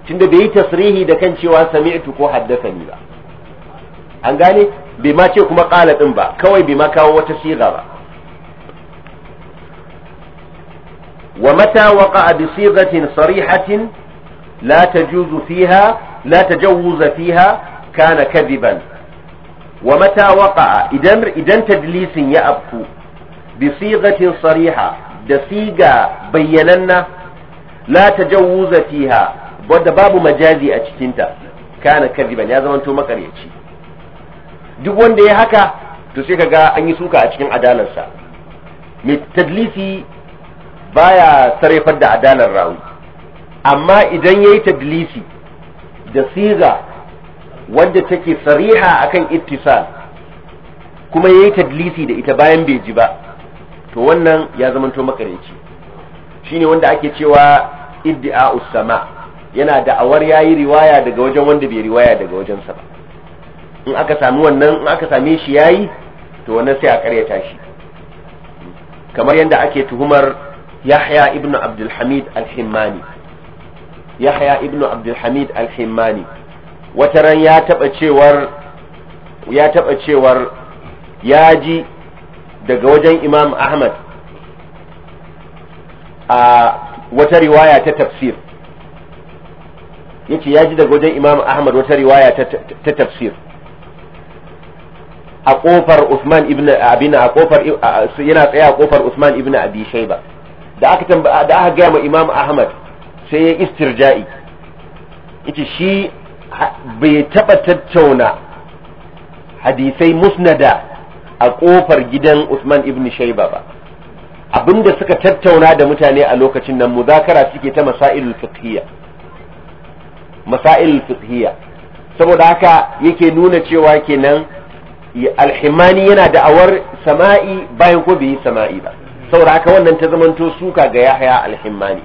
tunda bai yi tasrihi da kan cewa sami'tu ko haddathani ba an gane bai ma ce kuma kala din ba kawai bai ma kawo wata siga ba wa mata waqa'a bi sigatin sarihatin la tajuzu fiha la tajawuza fiha kana kadiban wa mata waqa'a idan idan tadlisin ya afku bi sighatin sariha da siga bayyananna la tajawuza fiha wadda babu majazi a cikinta kana kadiban ya zamanto makaryaci duk wanda ya haka to sai kaga an yi suka a cikin adalarsa mai tadlisi baya sarrafar da adalar rawi amma idan yayi tadlisi da siga wanda take sariha akan ittisal kuma yayi tadlisi da ita bayan bai ji ba to wannan ya zamanto makareci shine wanda ake cewa iddia sama yana da'awar yayi riwaya daga wajen wanda bai riwaya daga wajensa ba in aka sami wannan in aka same shi yayi to wannan sai a karyata shi kamar yadda ake tuhumar Yahya ibnu Abdul Hamid al Yahya ibnu Abdul Hamid wata ran ya taba cewar ya taba cewar ya ji daga wajen imam ahmad a wata riwaya ta tafsir yace ya ji daga wajen imam ahmad wata riwaya ta tafsir a kofar usman ibn abina a kofar yana tsaye a kofar usman ibn abi shayba da aka da aka ga imam ahmad sai ya istirja'i yace shi bai taɓa tattauna hadisai musnada a ƙofar gidan Usman ibn Shaiba ba abinda suka tattauna da mutane a lokacin nan muzakara suke ta masailul fiqhiyya masailul fiqhiyya saboda haka yake nuna cewa kenan alhimani yana da'awar sama'i bayan ko bai sama'i ba saboda haka wannan ta zamanto suka ga Yahya alhimani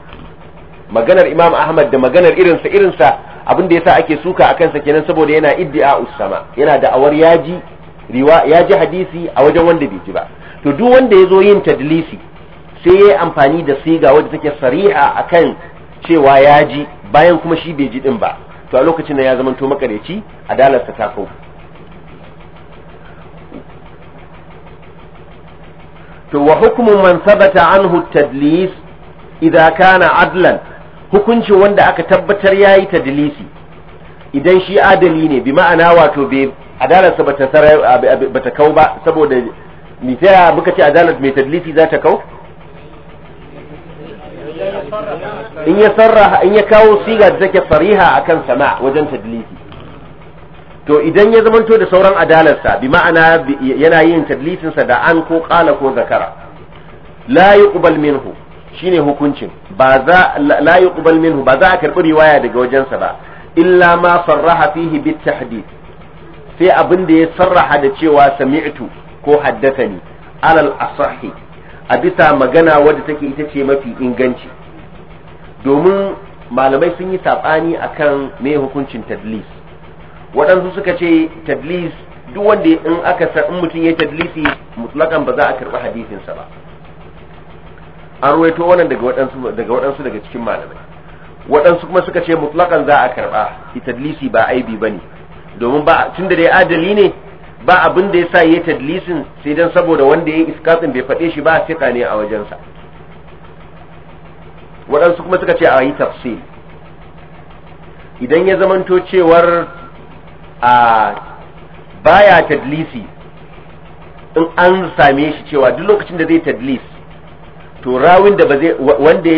maganar Imam Ahmad da maganar irinsa irinsa abin da yasa ake suka akan sa kenan saboda yana iddia usama yana da awar yaji riwa yaji hadisi a wajen wanda bai ji ba to duk wanda yazo yin tadlisi sai yayi amfani da siga wanda take sariha akan cewa yaji bayan kuma shi bai ji din ba to a lokacin da ya zama to makareci adalar ta kau to wa hukmu man sabata anhu tadlis idza kana adlan hukuncin wanda aka tabbatar ya yi tadlisi idan shi adali ne bi ma'ana wato bai adalarsa ba ta kau ba saboda misaya muka ce adalar mai tadlisi za ta kau in ya sarraha in ya kawo siga da take fariha akan sama wajen tadlisi to idan ya zamanto da sauran adalarsa bi ma'ana yana yin tadlisinsa da an ko kala ko zakara la yuqbal minhu shine hukuncin ba za la yuqbal minhu ba za a karbi riwaya daga wajensa ba illa ma sarraha fihi bit tahdid sai abin da ya sarraha da cewa sami'tu ko haddathani alal asahi a bisa magana wadda take ita ce mafi inganci domin malamai sun yi sabani akan me hukuncin tadlis waɗansu suka ce tadlis duk wanda in aka in mutum ya tadlisi mutlakan ba za a karbi hadisinsa ba an ruwaito wannan daga waɗansu daga cikin malamai waɗansu kuma suka ce mutlaqan za a karɓa tadlisi ba aibi bane domin ba tunda dai adali ne ba abin da yasa ya tadlisin sai dan saboda wanda ya yayi iskatin bai faɗe shi ba fika ne a wajensa waɗansu kuma suka ce a yi tafsir idan ya zamanto cewar a baya tadlisi in an same shi cewa duk lokacin da zai tadlis to rawin da ba zai wanda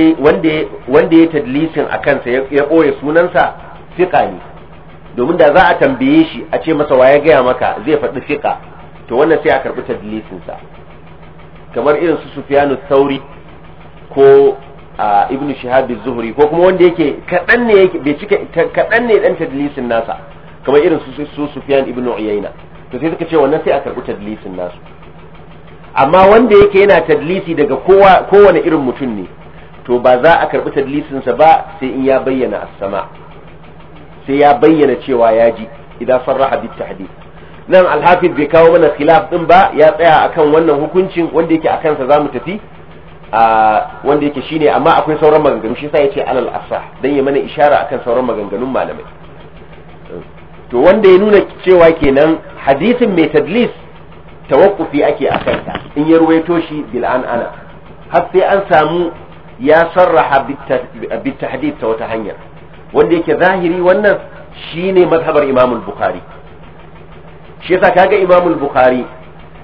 ya wanda ya tadlisin a kansa ya ɓoye sunansa fiƙa ne domin da za a tambaye shi a ce masa waye gaya maka zai faɗi fiƙa to wannan sai a karɓi tadlisin sa kamar irin su Sufyanu Thauri ko a Ibn Shihab zuhri ko kuma wanda yake kaɗan ne yake bai cika kaɗan ne dan tadlisin nasa kamar irin su Sufyan ibn Uyayna to sai suka ce wannan sai a karɓi tadlisin nasu amma wanda yake yana tadlisi daga kowane irin mutum ne to ba za a karɓi tadlisinsa ba sai in ya bayyana as sai ya bayyana cewa ya ji idan sarraha bit tahdid nan al bai kawo mana khilaf din ba ya tsaya akan wannan hukuncin wanda yake akan sa zamu tafi a wanda yake shine amma akwai sauran maganganu shi sai yace alal asah dan ya mana ishara akan sauran maganganun malamai to wanda ya nuna cewa kenan hadisin mai tadlis tawakkufi ake a kanta in ya ruwaito shi bil an ana har sai an samu ya sarraha bit tahdid ta wata hanyar wanda yake zahiri wannan shine mazhabar Imam al-Bukhari shi yasa kaga Imam al-Bukhari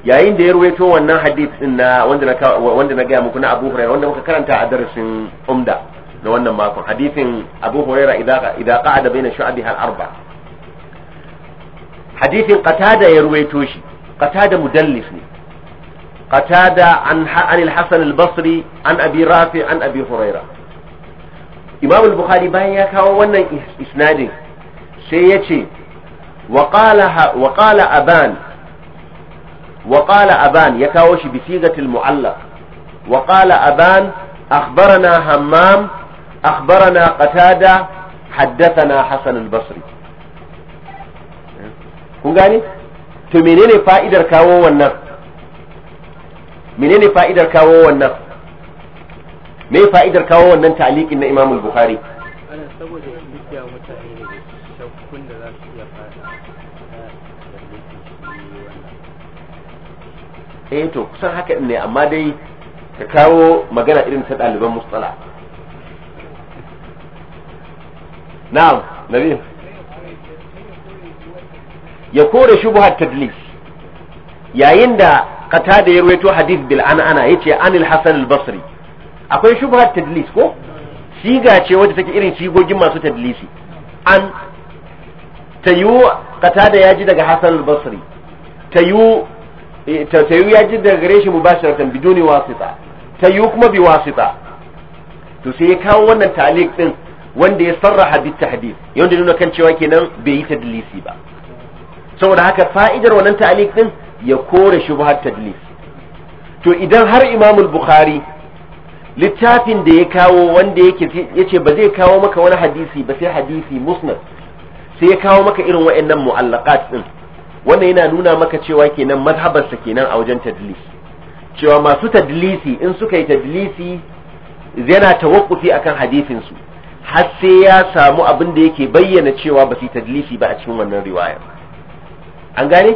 yayin da ya ruwaito wannan hadith din na wanda na wanda na ga muku na Abu Hurairah wanda muka karanta a darasin Umda na wannan makon hadithin Abu Hurairah idza idza qa'ada baina shu'abiha al-arba hadithin Qatada ya ruwaito shi qatada mudallis ne qatada an an al-hasan basri an abi rafi an abi huraira imamul al-bukhari bayan ya kawo wannan isnadin sai yace waƙala aban ya kawo shi bi sigatil mu'allaq wa qala aban akhbarana hammam akhbarana qatada haddasa na al-basri ku gane to menene fa'idar kawo wannan menene fa'idar kawo wannan me fa'idar kawo wannan ta'aliqin na Imam al-Bukhari eh, eh to kusan haka ne amma dai ka kawo magana irin ta ɗaliban mustala na'am nabi ya kore shubhat tadlis yayin da da ya ruwaito hadith bil an'ana yace anil hasan al basri akwai shubhat tadlis ko siga ce wadda take irin sigogin masu tadlisi an tayu qatada ya ji daga hasan al basri tayu eh, tayu ya ji daga gare shi mubasharatan biduni wasita tayu kuma bi wasita to sai ya kawo wannan talik din wanda ya sarraha bit tahdid yanda nuna kan cewa kenan bai yi tadlisi ba saboda haka fa'idar wannan ta'liq din ya kore shubhat tadlis to idan har imamul bukhari littafin da ya kawo wanda yake yace ba zai kawo maka wani hadisi ba sai hadisi musnad sai ya kawo maka irin waɗannan mu'allaqat din wannan yana nuna maka cewa kenan mazhabarsa kenan a wajen tadlis cewa masu tadlisi in suka yi tadlisi yana tawakkufi akan hadisin su har sai ya samu abin da yake bayyana cewa ba su tadlisi ba a cikin wannan riwayar an gane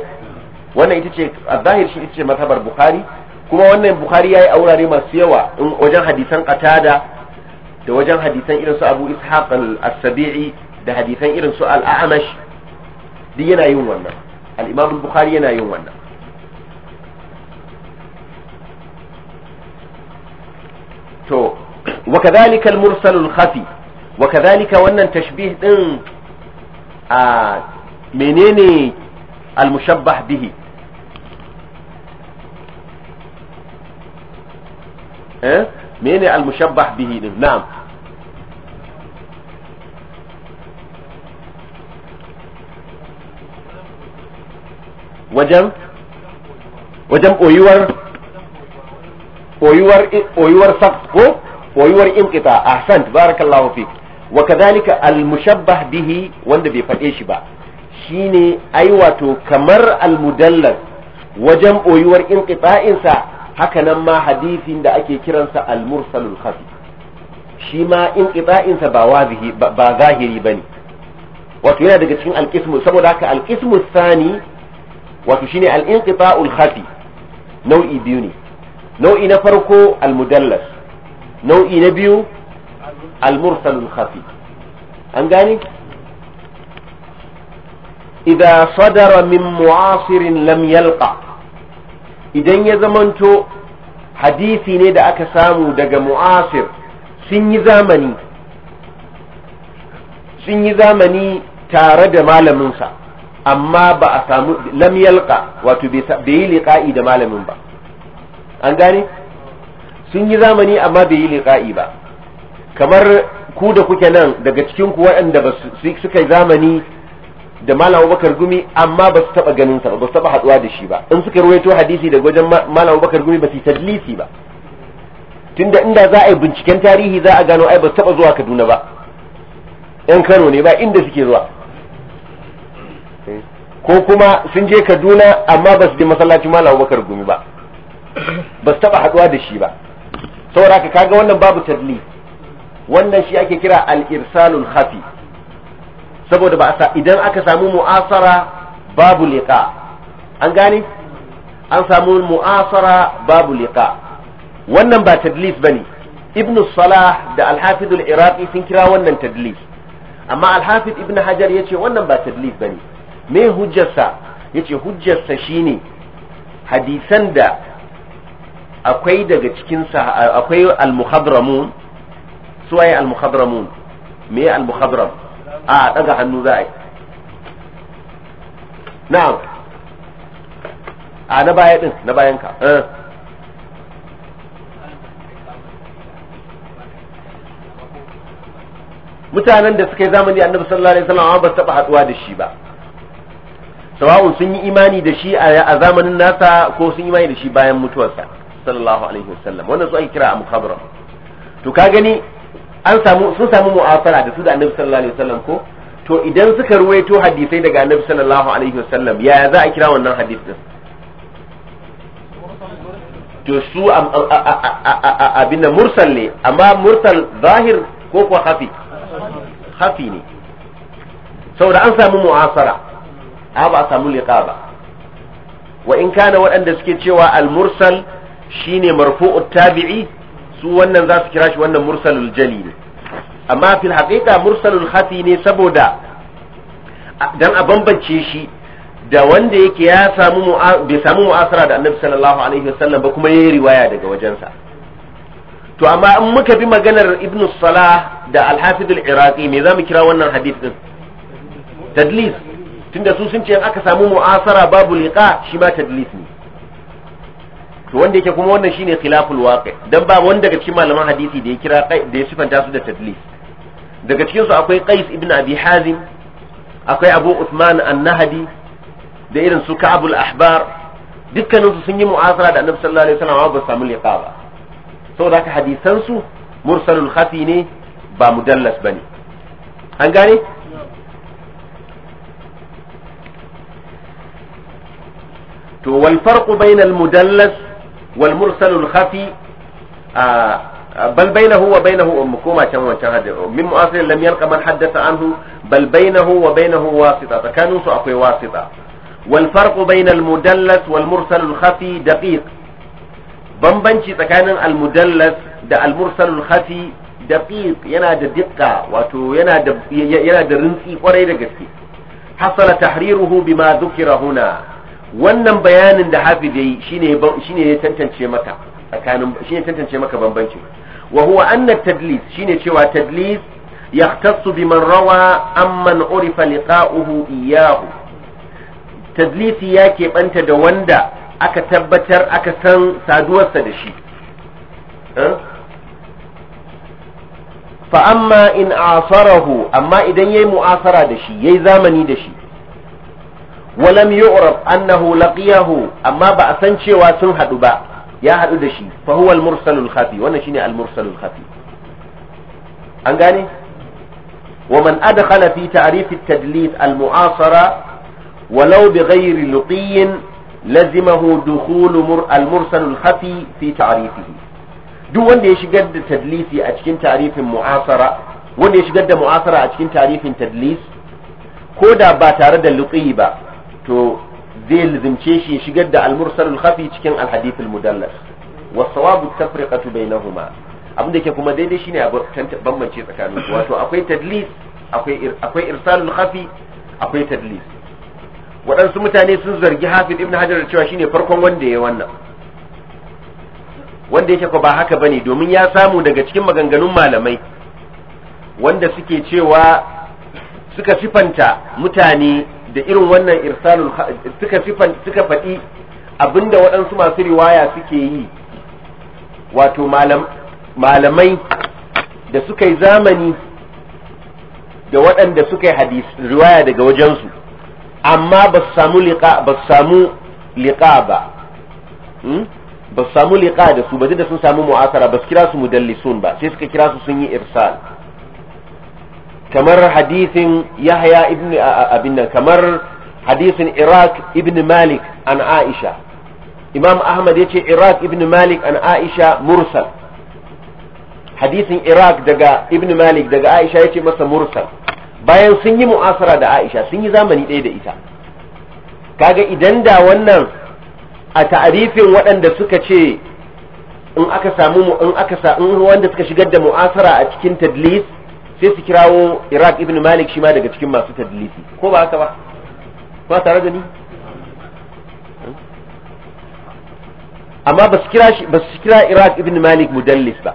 wannan ita ce a zahir shi ita ce mazhabar bukhari kuma wannan bukhari yi a wurare masu yawa wajen hadisan qatada da wajen hadisan irin su abu ishaq al-sabi'i da hadisan irin su al-a'mash duk yana yin wannan al-imam bukhari yana yin wannan to wa وكذلك المرسل الخفي وكذلك wannan tashbih din a menene المشبه به إيه؟ من المشبه به نعم وجم وجم ويور ويور أيور سقط ويور انقطاع أحسنت بارك الله فيك وكذلك المشبه به وند بيفتيش بقى shine ai wato kamar almudallal wajen boyuwar inqita'insa haka nan ma hadisin da ake kiransa almursalul khafi shi ma inqita'insa ba wazihi ba zahiri bane wato yana daga cikin alqismu saboda haka alqismu thani wato shine al-inqita'ul khafi nau'i biyu ne nau'i na farko al nau'i na biyu al-mursalul khafi an gani idan sadara min mu'asirin lam yalqa idan ya zamanto hadisi ne da aka samu daga mu'asir sun yi zamani sun yi zamani tare da malaminsa amma ba a samu lam yalqa wato bai yi liqa'i da malamin ba an gane sun yi zamani amma bai yi liqa'i ba kamar ku da kuke nan daga cikin ku waɗanda suka yi zamani da malam Abubakar Gumi amma ba su taba ganin sa ba su taba haduwa da shi ba in suka ruwaito hadisi daga wajen malam Abubakar Gumi ba su tadlisi ba tunda inda za a yi binciken tarihi za a gano ai ba su taba zuwa Kaduna ba yan Kano ne ba inda suke zuwa ko kuma sun je Kaduna amma ba su je masallacin malam Abubakar Gumi ba ba su taba haduwa da shi ba saboda kaga wannan babu tadlis wannan shi ake kira al-irsalul khafi saboda ba a idan aka samu mu'asara babu liqa an gane an samu mu'asara babu liqa wannan ba tadlis bane ibnu salah da al-hafiz al-iraqi sun kira wannan tadlis amma al-hafiz ibnu hajar yace wannan ba tadlis bane me hujjarsa yace hujjarsa shine hadisan da akwai daga cikin akwai al-muhadramun suwaye al-muhadramun me al a daga hannu za a yi na'am a na baya din na bayan ka eh. mutanen da suka yi zamani annabi sallallahu alaihi wasallam ba su taɓa haduwa da shi ba sawa'un sun yi imani da shi a zamanin nasa ko sun yi imani da shi bayan mutuwarsa sallallahu alaihi wasallam wannan su ake kira a mukhabara to ka gani an samu sun samu mu'asara da su da annabi sallallahu alaihi wasallam ko to idan suka ruwaito hadisai daga annabi sallallahu alaihi wasallam yaya za a kira wannan hadis din to su abin da mursal ne amma mursal zahir ko kuwa hafi hafi ne saboda an samu mu'asara a ba a samu liqa ba wa in kana waɗanda suke cewa al-mursal shine marfu'ut tabi'i su wannan za su kira shi wannan mursalul jali ne amma fil haqiqa mursalul khati ne saboda dan a bambance shi da wanda yake ya samu bai samu mu'asara da annabi sallallahu alaihi wasallam ba kuma yayi riwaya daga wajensa to amma in muka bi maganar ibn salah da al hafid al-iraqi me zamu kira wannan hadith din tadlis tunda su sun ce in aka samu mu'asara babu liqa shi ma tadlis ne to wanda yake kuma wannan shine khilaful waqi dan ba wanda daga cikin malaman hadisi da ya kira da ya sifanta su da tadlis daga cikin su akwai Qais ibn Abi Hazim akwai Abu Usman An-Nahdi da irin su Ka'abul Ahbar dukkanin su sun yi mu'asara da Annabi sallallahu alaihi wasallam ba samu liqa ba saboda haka hadisan su mursalul khafi ne ba mudallas bane an gane to wal farqu bainal mudallas wal mursalul khafi bal bainahu wa bainahu um koma can wancan hadisi um, min mu'asirin lam yalqa man haddatha anhu bal bainahu wa bainahu wasita tsakanin su akwai wasita wal farqu bainal mudallas wal mursalul khafi bambanci tsakanin al da al hafi khafi daqiq yana da diqqa wato yana da rintsi kwarai da gaske hasala tahriruhu bima dhukira huna wannan bayanin da hafiz yayi shine ya tantance maka tsakanin shine tantance maka bambanci wa huwa anna tadlis shine cewa tadlis yahtassu biman rawa amman urifa liqa'uhu iyyahu tadlis ya da wanda aka tabbatar aka san saduwarsa da shi eh? Fa amma in asarahu amma idan yayi mu'asara da shi yayi zamani da shi walam yu'raf annahu laqiyahu amma ba a san cewa sun hadu ba ya hadu da shi fa huwa al-mursalul khafi wannan shine al-mursalul khafi an gane wa man adkhala fi ta'rif tadlis al-mu'asara walau bighayri luqiyyin lazimahu dukhul al-mursalul khafi fi ta'rifihi duk wanda ya shigar da tadlisi a cikin ta'rifin mu'asara wanda ya shigar da mu'asara a cikin ta'rifin tadlis ko da ba tare da luqi ba to zai lizimce shi shigar da almursar khafi cikin alhadith almudallas wa sawabu tafriqatu bainahuma abin da ke kuma daidai shine a bambance tsakanin su wato akwai tadlis akwai akwai irsalul akwai tadlis waɗansu mutane sun zargi hafiz ibn hajar cewa shine farkon wanda ya wannan wanda yake ko ba haka bane domin ya samu daga cikin maganganun malamai wanda suke cewa suka sifanta mutane da irin wannan irsalul suka fi suka faɗi abinda waɗansu masu riwaya suke yi wato malamai da suka yi zamani da waɗanda suka yi hadis riwaya daga wajensu amma ba su samu liƙa ba su samu liƙa ba hmm? ba su samu liƙa da su ba da sun samu mu'asara ba su kira su mudallisun ba sai suka kira su sun yi irsal kamar hadithin yahya ibn abin nan kamar hadithin iraq ibn malik an aisha imam ahmad yace iraq ibn malik an aisha mursal hadisin iraq daga ibn malik daga aisha yace masa mursal bayan sun yi mu'asara da aisha sun yi zamani ɗaya da ita kaga idan da wannan a ta'arifin waɗanda suka ce in aka samu in aka sa in wanda suka shigar da mu'asara a cikin tadlis sai su kirawo iraq ibn malik shi ma daga cikin masu tadlisi ko ba haka ba ba tare da ni amma ba su kira ba iraq ibn malik mudallis ba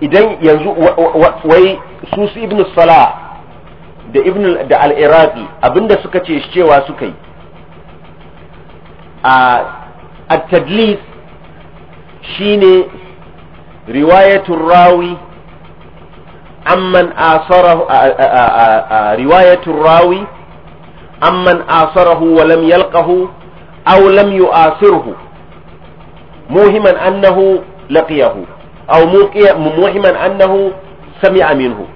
idan yanzu wai su su ibn salah da ibn da al-iraqi abinda suka ce cewa suka yi a at-tadlis shine riwayatul rawi amman asarahu riwayatul rawi amman asarahu wa lam yalqahu aw lam yu'asirhu muhiman annahu laqiyahu aw muhiman annahu sami'a minhu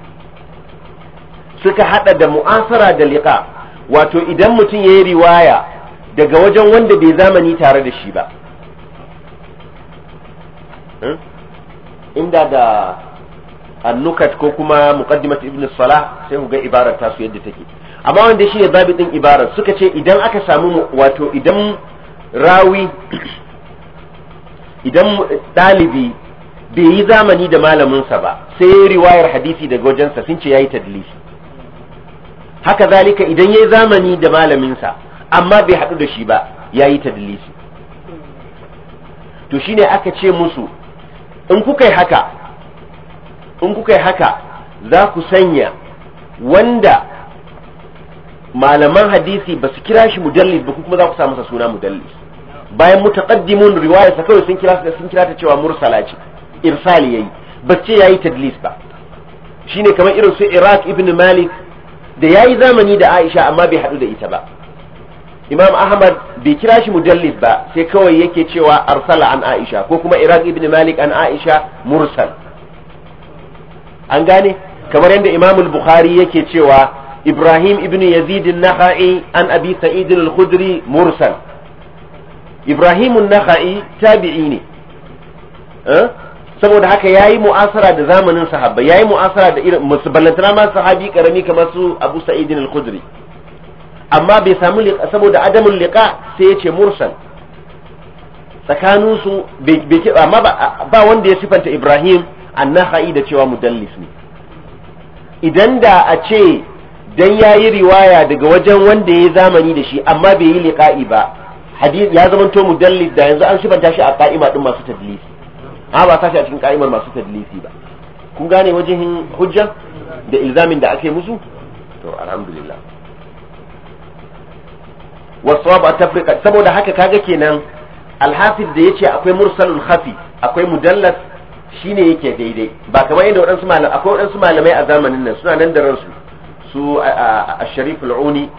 suka hada da mu'asara da liqa wato idan mutum yayi riwaya daga wajen wanda bai zamani tare da shi ba hmm? inda da annukat ko kuma muqaddimat ibn salah sai ku ga ibarar tasu yadda take amma wanda shine babu din ibarar suka ce idan aka samu wato idan rawi idan dalibi bai yi zamani da malaminsa ba sai ya riwayar hadisi daga wajensa sun ce ya yi tadlisi haka zalika idan ya yi zamani da malaminsa amma bai haɗu da shi ba yayi yi tadlisi to shine aka ce musu in kuka yi haka in kuka yi haka za ku sanya wanda malaman hadisi ba su kira shi mudallis ba kuma za ku sa masa suna mudallis bayan mutaqaddimun sa kawai sun kira sun kira ta cewa mursala ce irsali yayi ba ce yayi tadlis ba shine kamar irin su Iraq ibn Malik da yayi zamani da Aisha amma bai hadu da ita ba Imam Ahmad bai kira shi mudallis ba sai kawai yake cewa arsala an Aisha ko kuma Iraq ibn Malik an Aisha mursal an gane kamar yadda imam bukhari yake cewa ibrahim ibn yazid an an abi sa'id al-khudri mursal ibrahim an tabi'i ne eh? saboda haka yayi mu'asara da zamanin sahabba yayi mu'asara da irin musballantana ma sahabi karami kamar su abu sa'id al-khudri amma bai samu saboda adamun liqa sai ya ce mursal su amma ba wanda ya sifanta ibrahim annahai da cewa mudallis ne idan da a ce dan yayi riwaya daga wajen wanda ya zamani da shi amma bai yi liqa'i ba hadith ya zama to mudallis da yanzu an shibanta shi a qa'ima din masu tadlisi ha ba sashi a cikin qa'imar masu tadlisi ba kun gane wajen hujja da ilzamin da ake musu to alhamdulillah wasawab a tafrika saboda haka kaga kenan alhafiz da yace akwai mursalul khafi akwai mudallas shi shine yake daidai ba kamar inda waɗansu malamai akwai waɗansu malamai a zamanin nan suna nan da ransu su a sharif al'uni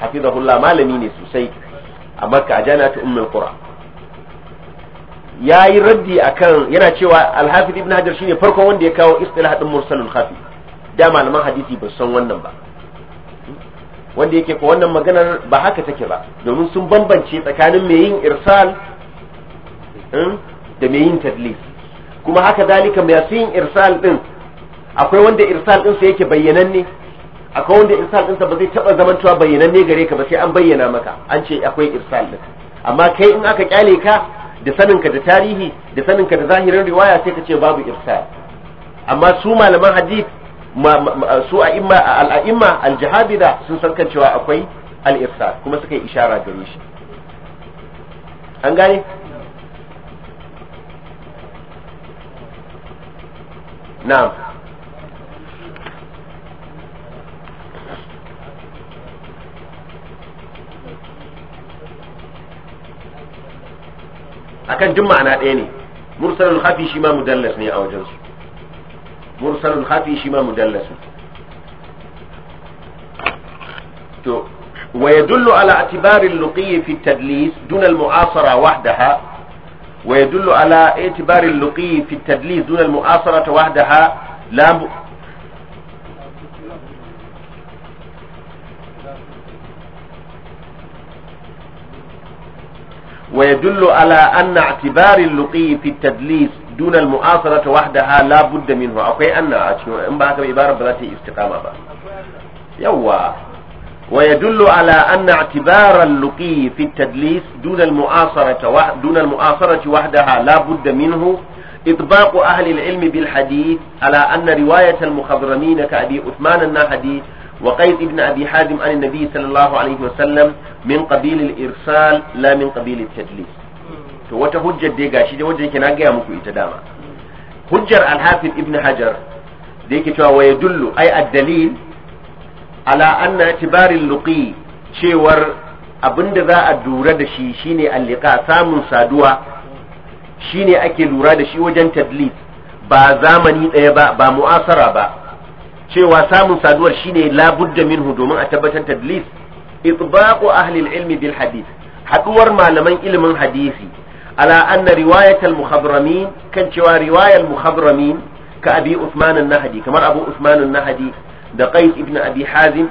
hafizahullah malami ne sosai a makka a jami'at ummul qura yayi raddi kan yana cewa alhafiz ibn hajar shine farkon wanda ya kawo istilah din mursalul khafi da malaman hadisi ba san wannan ba wanda yake ko wannan maganar ba haka take ba domin sun bambance tsakanin mai yin irsal hmm, da mai yin tadlis kuma haka dalika masu yin irsal din akwai wanda irsal din sa yake bayyananne akwai wanda irsal din sa ba zai taba zamantowa bayyananne gare ka ba sai an bayyana maka an ce akwai irsal din amma kai in aka kyale ka da saninka da tarihi da saninka da zahirin riwaya sai ka ce babu irsal amma su malaman hadith su a imma al'a'imma al-jahabida sun san kan cewa akwai al-irsal kuma suka yi ishara gare shi an gane نعم أكن جمع أنا أتيني مرسل الخفي شما مدلس ني أو جلس مرسل الخفي شما مدلس ويدل على اعتبار اللقي في التدليس دون المعاصرة وحدها ويدل على اعتبار اللقي في التدليس دون المؤاصرة وحدها لا ب... ويدل على أن اعتبار اللقي في التدليس دون المؤاصرة وحدها لا بد منه أقول أن أم باكر عبارة بذاتي استقامة با. يوه ويدل على أن اعتبار اللقي في التدليس دون المعاصرة دون المعاصرة وحدها لا بد منه إطباق أهل العلم بالحديث على أن رواية المخضرمين كأبي عثمان النهدي وقيس بن أبي حازم عن النبي صلى الله عليه وسلم من قبيل الإرسال لا من قبيل التدليس وتهجة ديقا شيء وجه كنا جاء مكو إتداما هجر الحافظ ابن حجر ديك ويدل أي الدليل ala anna itibarin luqi cewar abinda za a lura da shi shine alliqa samun saduwa shine ake lura da shi wajen tadlis ba zamani ɗaya ba ba mu'asara ba cewa samun saduwar shine labudda minhu domin a tabbatar tadlis itbaqu ahli ilmi bil hadith haduwar malaman ilimin hadisi ala anna riwayat al kan cewa riwayar muhadramin ka abi usman an-nahdi kamar abu usman an-nahdi da qais ibn abi hazim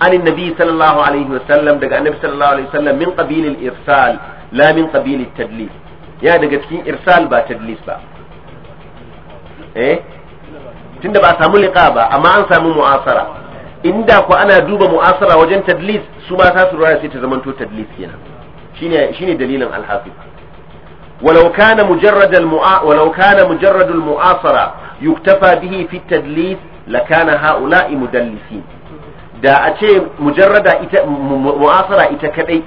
an annabi sallallahu alaihi wa wasallam daga annabi sallallahu alaihi wa wasallam min qabilil irsal la min qabilit tadlis ya daga cikin irsal ba tadlis ba eh tunda ba samu liqa ba amma an samu mu'asara inda ko ana duba mu'asara wajen tadlis su ma ta surara sai ta zamanto tadlis kenan shine shine dalilin al-hafiz ولو كان مجرد المؤ... ولو كان مجرد المعاصرة يكتفى به في التدليس lakana ha'ula'i mudallisi da a ce mujarrada ita mu'asara ita kadai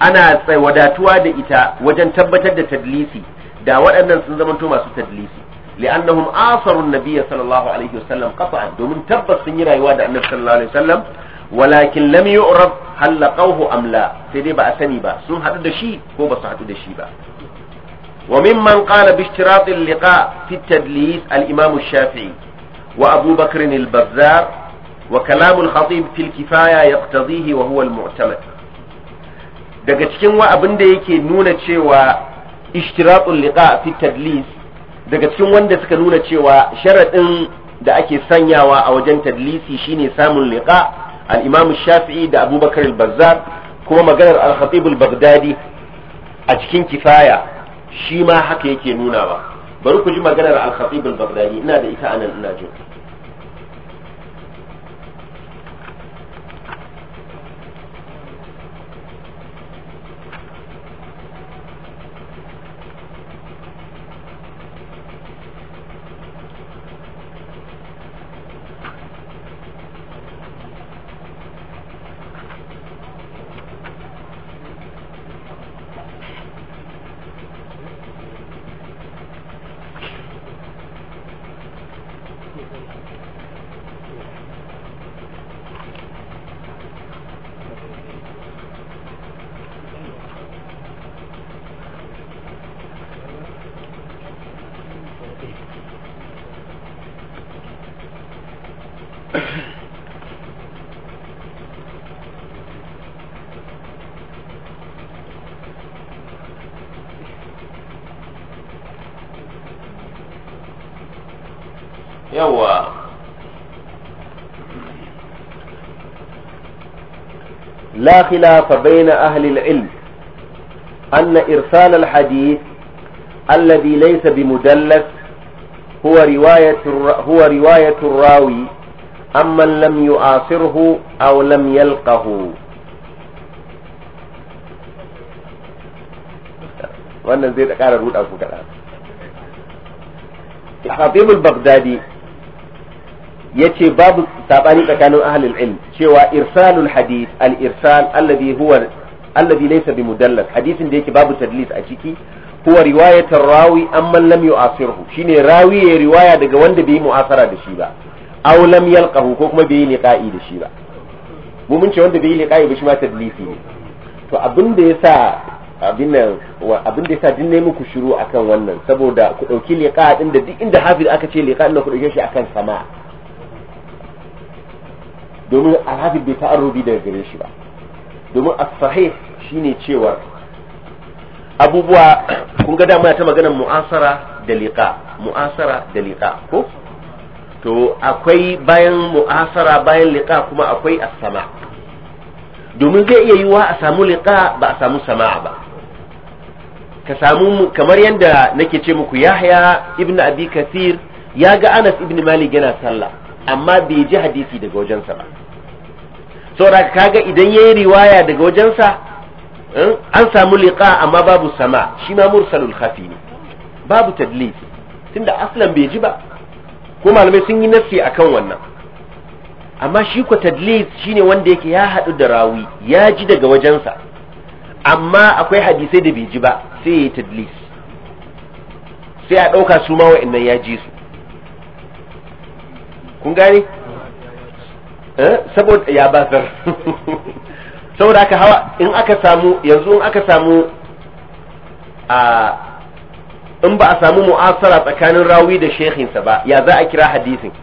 ana wadatuwa da ita wajen tabbatar da tadlisi da waɗannan sun zamanto masu tadlisi li'annahum asarun nabiyyi sallallahu alaihi wasallam qat'an domin tabbas sun yi rayuwa da annabi sallallahu alaihi wasallam walakin lam yu'raf hal am la sai dai ba a sani ba sun hadu da shi ko ba su hadu da shi ba wa mimman qala bi ishtirat al-liqa fi at-tadlis al-imam ash-shafi'i وأبو بكر البزار وكلام الخطيب في الكفاية يقتضيه وهو المعتمد daga cikin wa abin da yake nuna cewa ishtiratul liqa fi tadlis daga cikin wanda suka nuna cewa sharadin da ake sanyawa a wajen tadlisi shine samun liqa al-imam shafi'i da abubakar al-bazzar kuma maganar al-khatib al-baghdadi a cikin kifaya shi ma haka yake nunawa bari ku ji maganar al-khatib al-baghdadi ina da ita anan ina jin هو لا خلاف بين أهل العلم أن إرسال الحديث الذي ليس بمدلس هو رواية هو رواية الراوي أما لم يعاصره أو لم يلقه وأنا زيد da ƙara أو ku kaɗan. Khatibul yace babu sabani tsakanin ahlul ilm cewa irsalul hadith al irsal alladhi huwa alladhi laysa bimudallas hadisin da yake babu tadlis a ciki huwa riwayatar rawi amma lam yu'asirhu shine rawi ya riwaya daga wanda bai mu'asara da shi ba aw lam yalqahu ko kuma bai liqa'i da shi ba mu mun ce wanda bai liqa'i ba shi ma tadlisi ne to abin yasa abin wa abin yasa din ne muku shiru akan wannan saboda ku dauki liqa din da duk inda hafiz aka ce liqa din ku dauke shi akan sama domin a alhafiz bai ta'arrubi daga gare shi ba domin a sahih shine cewa abubuwa kun ga dama ta magana mu'asara da liqa mu'asara da liqa ko to akwai bayan mu'asara bayan liqa kuma akwai as-sama domin zai iya yiwa a samu liqa ba a samu sama ba ka samu kamar yadda nake ce muku Yahya ibnu Abi Kathir ya ga Anas ibnu Malik yana sallah amma bai ji hadisi daga wajensa ba saboda kaga idan yayi riwaya daga wajensa eh, an samu liqa amma babu sama shi ma mursalul khafi ne babu tadlis tunda aslan bai ji ba ko malamai sun yi nassi akan wannan amma shi ko tadlis ne wanda yake ya haɗu da rawi ya ji daga wajensa amma akwai hadisai da bai ji ba sai ya yi tadlis sai a ɗauka su ma wa'annan ya ji su kun gane eh, saboda ya ba zar saboda aka hawa in aka samu yanzu in aka samu a in ba a samu mu'asara tsakanin rawi da shehinsa ba ya za a kira hadisin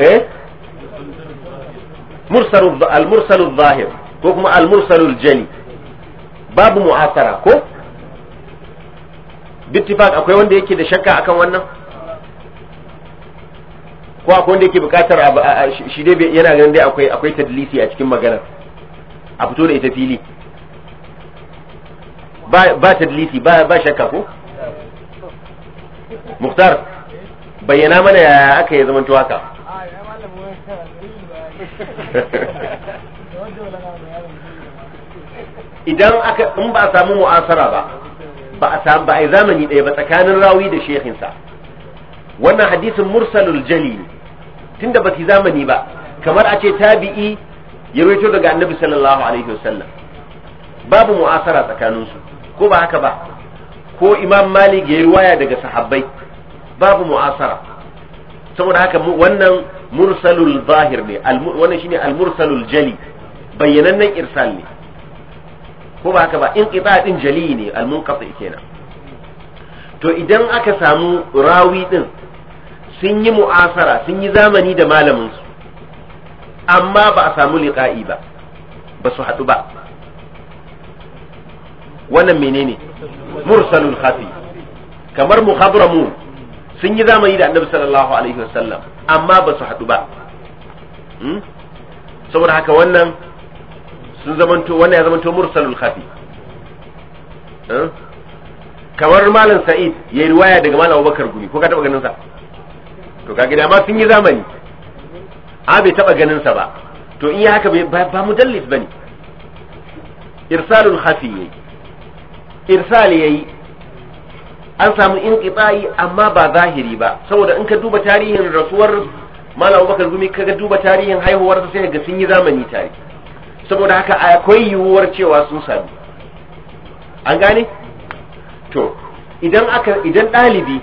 eh? al-mursalul zahir ko kuma al-mursalul jali babu mu'asara ko bittifak akwai wanda yake da shakka akan wannan ko akwai wanda yake bukatar shi dai yana ganin dai akwai akwai tadlisi a cikin maganar a fito da ita fili ba ba tadlisi ba ba shakka ko muhtar bayyana mana ya aka yi zaman tuwaka idan aka in ba a samu mu'asara ba ba a samu ba a yi zamani ɗaya ba tsakanin rawi da shehinsa wannan hadisin mursalul jalil tunda ba su zamani ba kamar a ce tabi'i ya rito daga annabi sallallahu alaihi wasallam babu mu'asara tsakaninsu ko ba haka ba ko imam malik ya yi waya daga sahabbai babu mu'asara saboda haka wannan mursalul zahir ne wannan shine al-mursalul jali bayyanannen irsal ne ko ba haka ba in qita din jali ne al-munqati kenan to idan aka samu rawi din sun yi mu'asara sun yi zamani da malaminsu amma ba a samu liƙa'i ba ba su haɗu ba wannan menene mursalul khafi kamar muhabramu sun yi zamani da annabi sallallahu alaihi wasallam amma ba su haɗu ba hmm? saboda haka wannan sun zamanto wannan ya zamanto mursalul khafi hmm? kamar malam sa'id ya riwaya daga malam abubakar Guri, ko ka taɓa ganin sa to ga gida ma sun yi zamani a bai taba ganin sa ba to in ya haka ba mudallis bane irsalun khafi yayi irsal yayi an samu inqita'i amma ba zahiri ba saboda in ka duba tarihin rasuwar malam Abubakar Gumi kaga duba tarihin haihuwarsa sai ga sun yi zamani tare saboda haka akwai yiwuwar cewa sun sami an gane to idan aka idan ɗalibi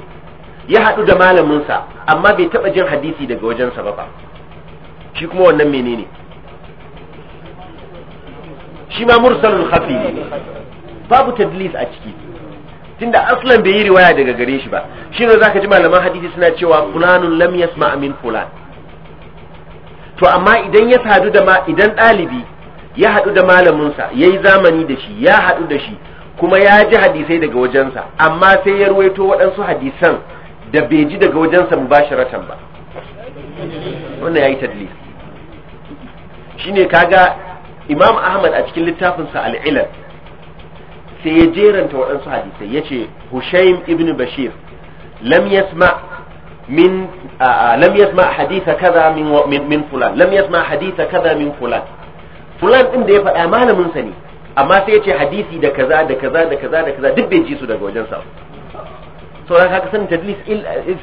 ya haɗu da malaminsa amma bai taɓa jin hadisi daga wajensa ba ba shi kuma wannan menene shi ma mursalul khafi ne babu tadlis a ciki tunda aslan bai yi riwaya daga gare shi ba shi za zaka ji malaman hadisi suna cewa fulanun lam yasma min fulan to amma idan ya sadu da ma idan ɗalibi ya haɗu da malaminsa ya yi zamani da shi ya haɗu da shi kuma ya ji hadisai daga wajensa amma sai ya ruwaito waɗansu hadisan da bai ji daga wajensa mubasharatan ba wannan yayi tadlis shine kaga imam ahmad a cikin littafin littafinsa ilal sai ya jeranta waɗansu hadisai yace ce hushaim ibn bashir lam yasma min lam yasma kaza min min fulan lam yasma kaza min fulan fulan din da ya faɗa malamin sa ne amma sai yace hadisi da kaza da kaza da kaza da kaza duk bai ji su daga wajensa sa sauran haka sanin tadlis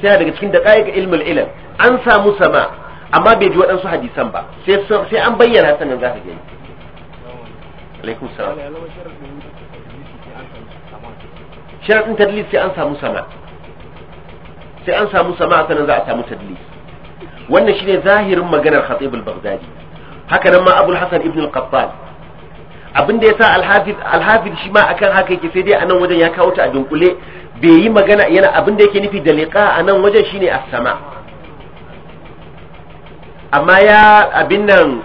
yana daga cikin daƙa'iq ilmul ilm an samu sama amma bai ji waɗansu hadisan ba sai an bayyana sannan za ka gani alaikum salam sharaɗin tadlis sai an samu sama sai an samu sama sanin za a samu tadlis wannan shine zahirin maganar khatib al-baghdadi haka nan ma abul hasan ibn al-qattan abinda yasa al-hafiz al-hafiz shi ma akan haka yake sai dai a nan wajen ya kawo ta a dunkule bai yi magana yana abin da yake nufi da liqa a nan wajen shine as-sama amma ya abin nan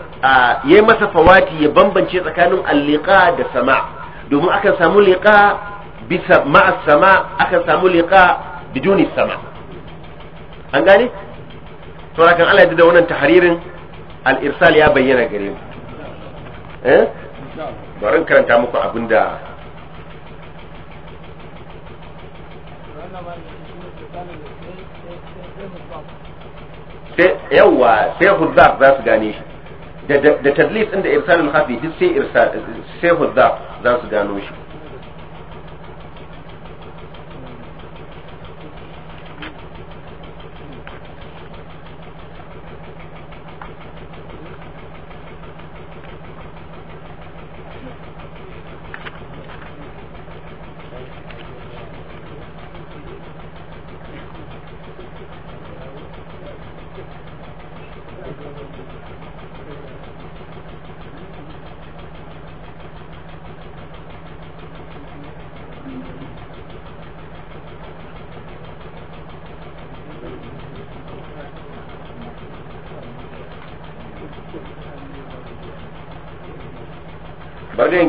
yayi masa fawati ya bambance tsakanin al-liqa da sama domin akan samu liqa bisa ma'a sama akan samu liqa biduni sama an gane to kan Allah ya da wannan tahririn al-irsal ya bayyana gare mu eh bari karanta muku abinda yawwa sai huzzaf za su gane shi da tadlis din da irsalul khafi duk sai irsa sai huzzaf za su gano shi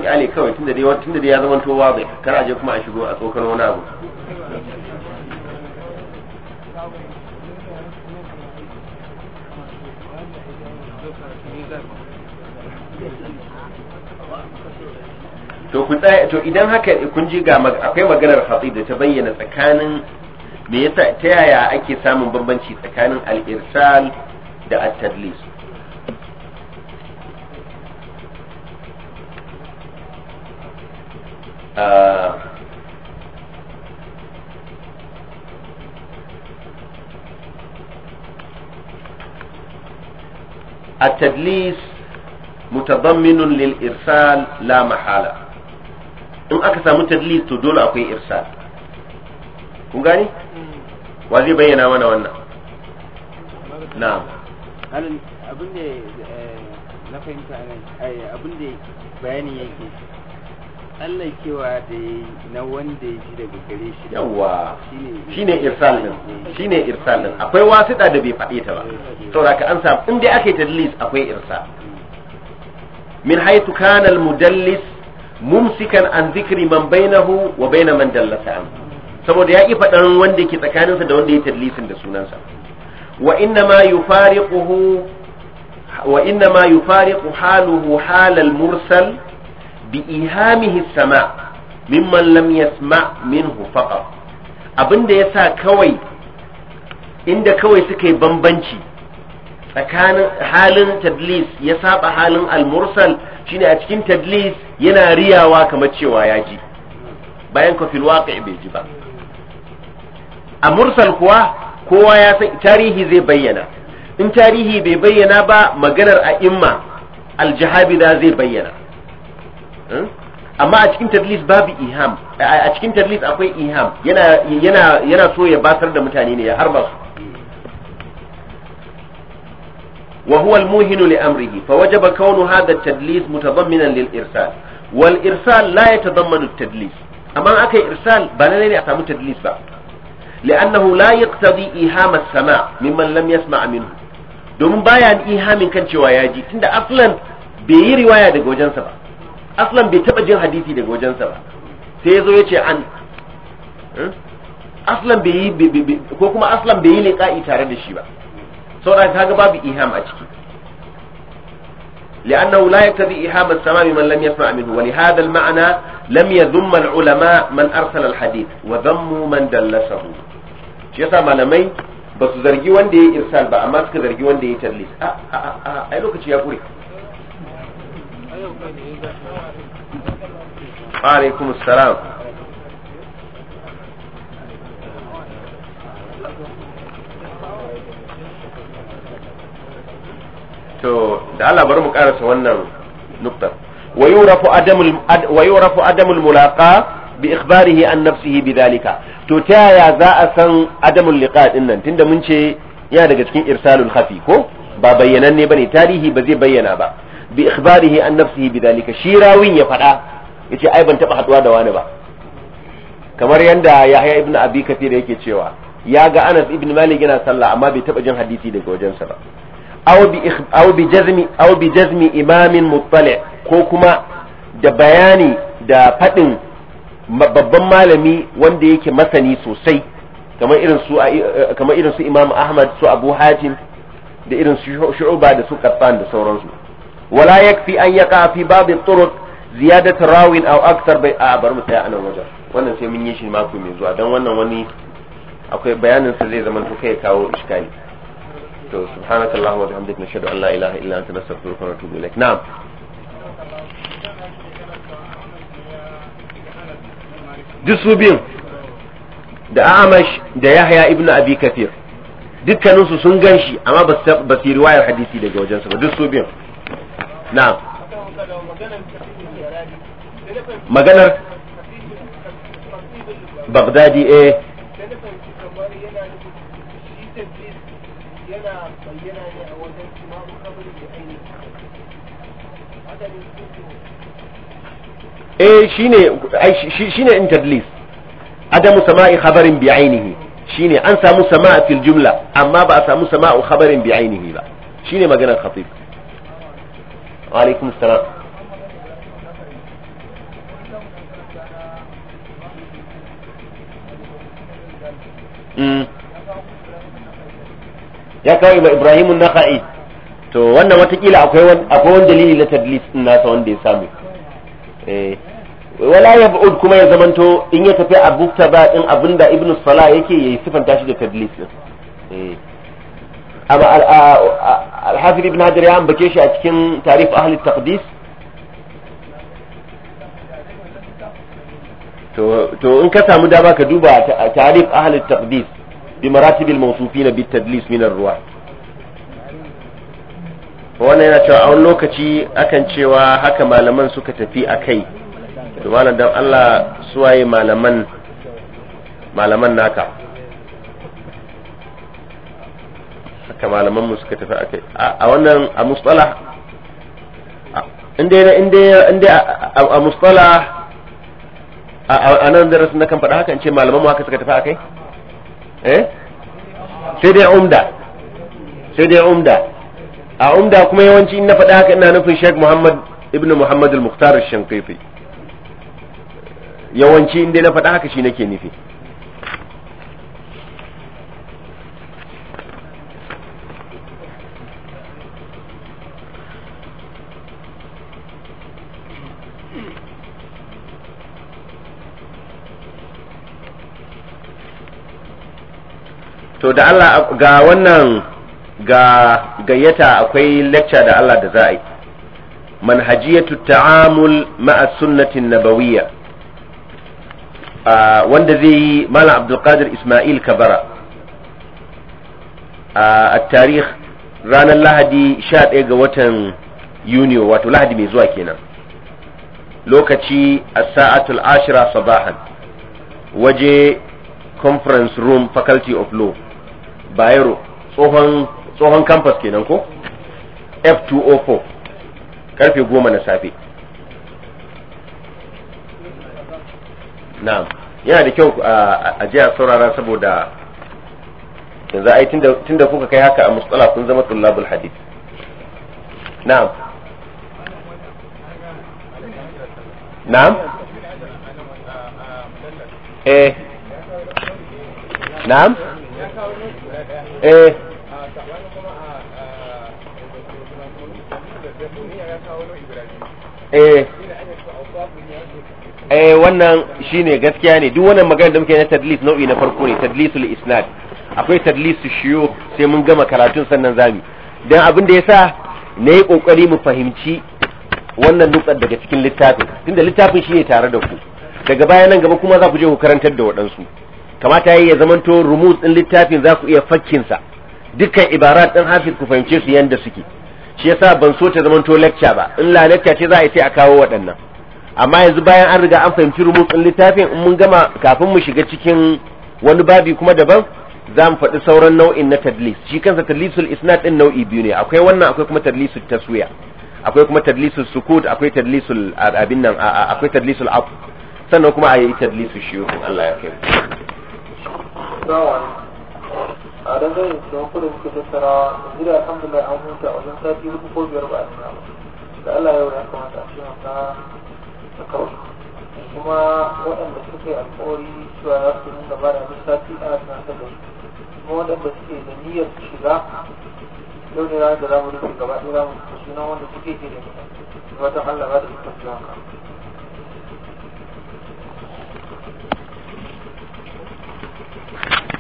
kyale kawai tunda dai tunda dai ya zama to bai kar a je kuma a shigo a tsokar wani abu to ku tsaya to idan haka kun ji ga akwai maganar hatsi da ta bayyana tsakanin me yasa ta yaya ake samun bambanci tsakanin al-irsal da at-tadlis التدليس متضمن للإرسال لا محالة إن أكثر متدليس تدول أكوي إرسال kun gani wa zai bayyana mana wannan na'am na fahimta nan abin kewa da na wanda ya ji daga gare shi yawa shi ne irsalin shi ne irsalin akwai wasiɗa da bai faɗe ta ba saboda ka an samu inda ake aka yi tadlis akwai irsa. min haythu kana al mudallis mumsikan an zikri man bainahu wa baina man dallasa an saboda ya ki faɗan wanda ke tsakaninsa da wanda ya tadlisin da sunansa wa inna ma yufariquhu wa inna ma yufariqu haluhu halal mursal bi ihamihi sama mimman lam yasma minhu faqat abinda yasa kawai inda kawai suka yi bambanci tsakanin halin tadlis ya saba halin almursal shine a cikin tadlis yana riyawa kamar cewa ya ji bayan ka fil bai ji ba a mursal kuwa kowa ya san tarihi zai bayyana in tarihi bai bayyana ba maganar a imma aljihabi da zai bayyana Hmm? amma a cikin tadlis babu iham a cikin tadlis akwai iham yana so ya basar da mutane ne ya harba su wa huwa almuhinu li amrihi fa wajaba kawnu hadha at-tadlis mutadamminan lil irsal wal irsal la yatadammanu at-tadlis amma akai irsal ba lalle ne a samu tadlis ba لأنه لا يقتضي إيهام السماع ممن لم يسمع منه domin baya ihamin kan cewa ya ji tunda aslan bai yi riwaya daga wajensa ba aslan bai taba jin hadisi daga wajensa ba sai ya zo an aslan bai yi ko kuma aslan bai yi ka'i tare da shi ba saboda kaga babu iham a ciki لأنه لا يقتضي إحام السماء من لم يسمع منه ولهذا المعنى لم يذم العلماء من أرسل الحديث وذموا من دلسه شيء ما لمي بس زرجي وان دي إرسال بقى ما سك وان دي تدليس أه أه أه أه أه عليكم السلام to da Allah bari mu karasa wannan nukta wa yurafu adamul wa adamul mulaqa bi ikhbarihi an nafsihi bidhalika to ta yaya za a san adamul liqa din nan tunda mun ce yana daga cikin irsalul khafi ko ba bayyananne bane tarihi ba zai bayyana ba bi ikhbarihi an nafsihi bidhalika shi rawin ya faɗa yace ai ban taba haduwa da wani ba kamar yanda Yahya ibn Abi Kathir yake cewa ya ga Anas ibn Malik yana sallah amma bai taba jin hadisi daga wajensa ba aw bi aw bi jazmi aw bi jazmi imamin muttali ko kuma da bayani da faɗin babban malami wanda yake masani sosai kamar irin su kamar irin su Imam Ahmad su Abu Hatim da irin su Shu'ba da su Qattan da sauransu wala yakfi an yaqa fi bab turuq ziyadat rawin aw akthar bai a bar mu tsaya anan wajen wannan sai mun yi shi mako mai zuwa dan wannan wani akwai bayanin sa zai zama kai kawo iskali to subhanakallahumma wa bihamdika nashhadu an la ilaha illa anta nastaghfiruka wa natubu ilaik na'am duk su da amash da yahya ibnu abi kafir dukkaninsu sun ganshi amma ba su riwayar hadisi daga wajensu ba na'am maganar bagdadi eh eh shine shine in tadlis adamu sama'i khabarin bi ainihi shine an samu sama fil jumla amma ba a samu sama'u khabarin bi ainihi ba shine maganar khatib وعليكم السلام hmm. ya kawo ibrahim naka'i to wannan watakila akwai wani dalili na tadlis nasa wanda ya samu eh. wala ya ba'ud kuma ya zamanto in ya tafi a bukta ba'in abinda Ibn salah yake ya yi siffanta shi da tadlis din eh. alhafir ibn hajar ya ambace shi a cikin tarif ahli taqdis to in ka samu dama ka duba tarif ahli taqdis bi maratib al-mawsufin bi tadlis min ar-ruwa wannan yana cewa a wani lokaci akan cewa haka malaman suka tafi a kai to malam dan Allah suwaye malaman malaman naka haka malaman mu suka tafi akai a wannan a mustalah inda inda inda a mustalah a nan darasin na kan faɗa haka in ce malaman mu haka suka tafi akai eh sai dai umda sai dai umda a umda kuma yawanci in na faɗa haka ina nufin Sheikh Muhammad ibn Muhammad al-Mukhtar al shankifi yawanci in dai na faɗa haka shi nake nufi to da Allah ga wannan ga gayyata akwai lecture da Allah da za a yi manhajiyatu ta'amul ma'a sunnatin nabawiyya wanda zai yi malam abdulkadir ismail kabara a tarih ranar lahadi 11 ga watan yuniyo wato lahadi mai zuwa kenan lokaci a sa'atul ashira sabahan waje conference room faculty of law bayero tsohon tsohon campus kenan ko f204 karfe goma na safe na'am yana da kyau a jiya saurara saboda yanzu ai tunda kuka kai haka a mustala kun zama tullabul hadith na'am na'am eh na'am eh eh eh wannan shine gaskiya ne duk wannan magana da muke na tadlis nau'i na farko ne tadlisul isnad akwai tadlisu shiyo sai mun gama karatun sannan zami dan abin da yasa na yi kokari mu fahimci wannan nutsar daga cikin littafin tunda littafin shi ne tare da ku daga baya nan gaba kuma za ku je ku karantar da waɗansu kamata yayi ya zamanto rumuz din littafin za ku iya fakkin sa dukkan ibarat din hafiz ku fahimce su yanda suke shi yasa ban so ta zamanto lecture ba in la lecture ce za a yi sai a kawo waɗannan amma yanzu bayan an riga an fahimci rumuz din littafin in mun gama kafin mu shiga cikin wani babi kuma daban za mu faɗi sauran nau'in na tadlis shi kansa tadlisul isnad din nau'i biyu ne akwai wannan akwai kuma tadlisul taswiya akwai kuma tadlisul sukut akwai tadlisul abin nan akwai tadlisul af sannan kuma a yi tadlisul shiyu. Allah ya kai a dan zai da ku da suke tattara gida alhamdulillah an huta wajen sati hudu ko biyar ba a nuna ba da Allah yau ya kamata a ce maka da kawai kuma waɗanda suka yi alƙawari cewa za su nuna ba da duk sati a tunatar ta su kuma waɗanda suke da niyyar shiga yau ne ranar da za mu rufe gaba ɗaya za mu sunan wanda suke ke da fatan Allah ba da dukkan su haka